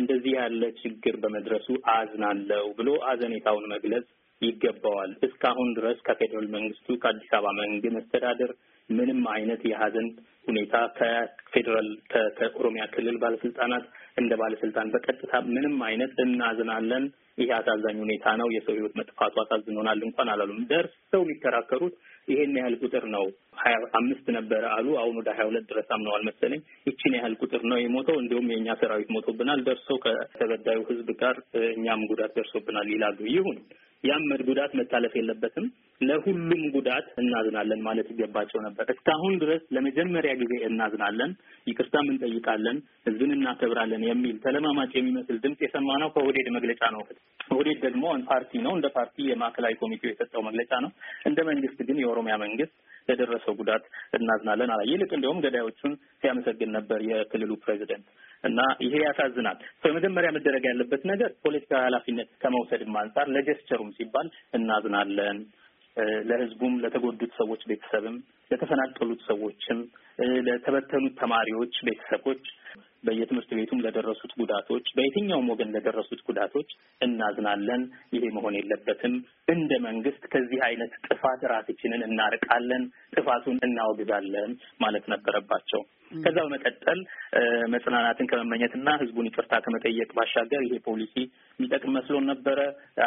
እንደዚህ ያለ ችግር በመድረሱ አዝናለው ብሎ አዘኔታውን መግለጽ ይገባዋል። እስካሁን ድረስ ከፌዴራል መንግስቱ ከአዲስ አበባ መንግ መስተዳደር ምንም አይነት የሀዘን ሁኔታ ከፌዴራል ከኦሮሚያ ክልል ባለስልጣናት እንደ ባለስልጣን በቀጥታ ምንም አይነት እናዝናለን ይሄ አሳዛኝ ሁኔታ ነው፣ የሰው ህይወት መጥፋቱ አሳዝኖናል እንኳን አላሉም። ደርሰው የሚከራከሩት ይሄን ያህል ቁጥር ነው። ሀያ አምስት ነበረ አሉ። አሁን ወደ ሀያ ሁለት ድረስ አምነዋል መሰለኝ። ይችን ያህል ቁጥር ነው የሞተው፣ እንዲሁም የእኛ ሰራዊት ሞቶብናል፣ ደርሰው ከተበዳዩ ህዝብ ጋር እኛም ጉዳት ደርሶብናል ይላሉ። ይሁን ያመድ ጉዳት መታለፍ የለበትም። ለሁሉም ጉዳት እናዝናለን ማለት ይገባቸው ነበር። እስካሁን ድረስ ለመጀመሪያ ጊዜ እናዝናለን፣ ይቅርታም እንጠይቃለን፣ ህዝብን እናከብራለን የሚል ተለማማጭ የሚመስል ድምጽ የሰማነው ከኦህዴድ መግለጫ ነው። ኦህዴድ ደግሞ ፓርቲ ነው። እንደ ፓርቲ የማዕከላዊ ኮሚቴው የሰጠው መግለጫ ነው። እንደ መንግስት ግን የኦሮሚያ መንግስት ለደረሰው ጉዳት እናዝናለን አላ ይልቅ እንዲሁም ገዳዮቹን ሲያመሰግን ነበር የክልሉ ፕሬዚደንት። እና ይሄ ያሳዝናል። በመጀመሪያ መደረግ ያለበት ነገር ፖለቲካዊ ኃላፊነት ከመውሰድም አንጻር ለጀስቸሩም ሲባል እናዝናለን ለህዝቡም ለተጎዱት ሰዎች ቤተሰብም፣ ለተፈናቀሉት ሰዎችም፣ ለተበተኑት ተማሪዎች ቤተሰቦች በየትምህርት ቤቱም ለደረሱት ጉዳቶች፣ በየትኛውም ወገን ለደረሱት ጉዳቶች እናዝናለን። ይሄ መሆን የለበትም። እንደ መንግስት ከዚህ አይነት ጥፋት ራሳችንን እናርቃለን፣ ጥፋቱን እናወግዛለን ማለት ነበረባቸው። ከዛ በመቀጠል መጽናናትን ከመመኘትና ህዝቡን ይቅርታ ከመጠየቅ ባሻገር ይሄ ፖሊሲ የሚጠቅም መስሎን ነበረ።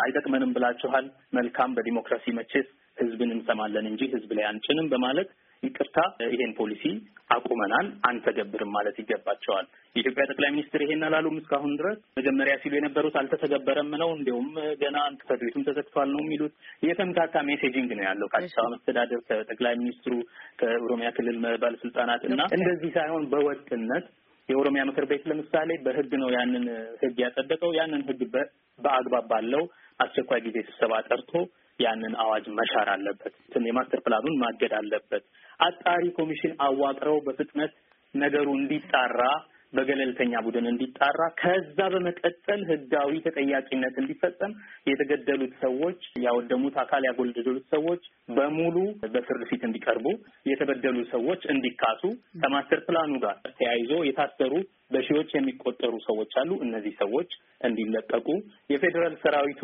አይጠቅመንም ብላችኋል። መልካም፣ በዲሞክራሲ መቼስ ህዝብን እንሰማለን እንጂ ህዝብ ላይ አንጭንም በማለት ይቅርታ ይሄን ፖሊሲ አቁመናል፣ አንተገብርም ማለት ይገባቸዋል። የኢትዮጵያ ጠቅላይ ሚኒስትር ይሄን አላሉም እስካሁን ድረስ። መጀመሪያ ሲሉ የነበሩት አልተተገበረም ነው፣ እንዲሁም ገና ጽሕፈት ቤቱም ተዘግቷል ነው የሚሉት። የተምታታ ሜሴጂንግ ነው ያለው ከአዲስ አበባ መስተዳደር፣ ከጠቅላይ ሚኒስትሩ፣ ከኦሮሚያ ክልል ባለስልጣናት እና እንደዚህ ሳይሆን በወጥነት የኦሮሚያ ምክር ቤት ለምሳሌ በህግ ነው ያንን ህግ ያጸደቀው። ያንን ህግ በአግባብ ባለው አስቸኳይ ጊዜ ስብሰባ ጠርቶ ያንን አዋጅ መሻር አለበት። የማስተር ፕላኑን ማገድ አለበት። አጣሪ ኮሚሽን አዋቅረው በፍጥነት ነገሩ እንዲጣራ በገለልተኛ ቡድን እንዲጣራ ከዛ በመቀጠል ህጋዊ ተጠያቂነት እንዲፈጸም የተገደሉት ሰዎች ያወደሙት አካል ያጎልደሉት ሰዎች በሙሉ በፍርድ ፊት እንዲቀርቡ የተበደሉ ሰዎች እንዲካሱ ከማስተር ፕላኑ ጋር ተያይዞ የታሰሩ በሺዎች የሚቆጠሩ ሰዎች አሉ። እነዚህ ሰዎች እንዲለቀቁ የፌዴራል ሰራዊቱ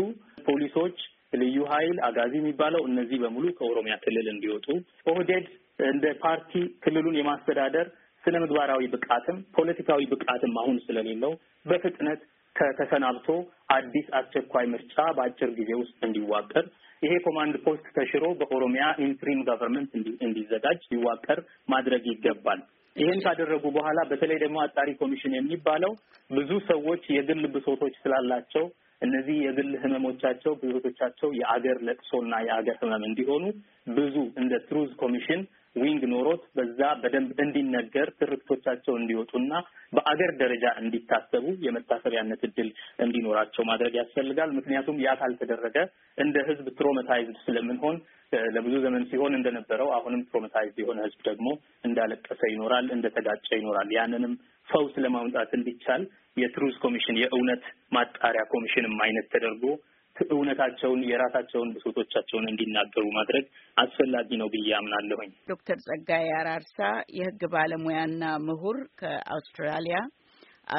ፖሊሶች ልዩ ኃይል አጋዚ የሚባለው እነዚህ በሙሉ ከኦሮሚያ ክልል እንዲወጡ ኦህዴድ እንደ ፓርቲ ክልሉን የማስተዳደር ስነ ምግባራዊ ብቃትም ፖለቲካዊ ብቃትም አሁን ስለሌለው በፍጥነት ከተሰናብቶ አዲስ አስቸኳይ ምርጫ በአጭር ጊዜ ውስጥ እንዲዋቀር ይሄ ኮማንድ ፖስት ተሽሮ በኦሮሚያ ኢንትሪም ጋቨርንመንት እንዲዘጋጅ ሊዋቀር ማድረግ ይገባል። ይህን ካደረጉ በኋላ በተለይ ደግሞ አጣሪ ኮሚሽን የሚባለው ብዙ ሰዎች የግል ብሶቶች ስላላቸው እነዚህ የግል ህመሞቻቸው ብዙቶቻቸው የአገር ለቅሶና የአገር ህመም እንዲሆኑ ብዙ እንደ ትሩዝ ኮሚሽን ዊንግ ኖሮት በዛ በደንብ እንዲነገር ትርክቶቻቸው እንዲወጡና በአገር ደረጃ እንዲታሰቡ የመታሰቢያነት እድል እንዲኖራቸው ማድረግ ያስፈልጋል። ምክንያቱም ያ ካልተደረገ እንደ ህዝብ ትሮመታይዝድ ስለምንሆን ለብዙ ዘመን ሲሆን እንደነበረው አሁንም ትሮመታይዝድ የሆነ ህዝብ ደግሞ እንዳለቀሰ ይኖራል፣ እንደተጋጨ ይኖራል። ያንንም ፈውስ ለማምጣት እንዲቻል የትሩዝ ኮሚሽን የእውነት ማጣሪያ ኮሚሽንም አይነት ተደርጎ እውነታቸውን የራሳቸውን ብሶቶቻቸውን እንዲናገሩ ማድረግ አስፈላጊ ነው ብዬ አምናለሁኝ። ዶክተር ጸጋዬ አራርሳ የህግ ባለሙያና ምሁር ከአውስትራሊያ፣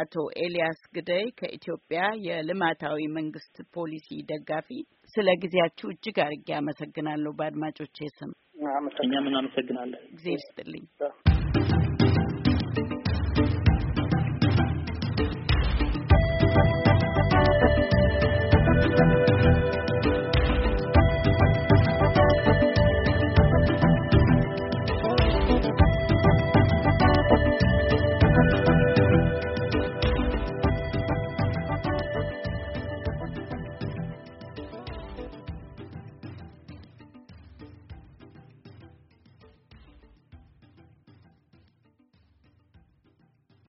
አቶ ኤልያስ ግደይ ከኢትዮጵያ የልማታዊ መንግስት ፖሊሲ ደጋፊ፣ ስለ ጊዜያችሁ እጅግ አድርጌ አመሰግናለሁ። በአድማጮቼ ስም እኛም እናመሰግናለን። ጊዜ ይስጥልኝ። Thank you.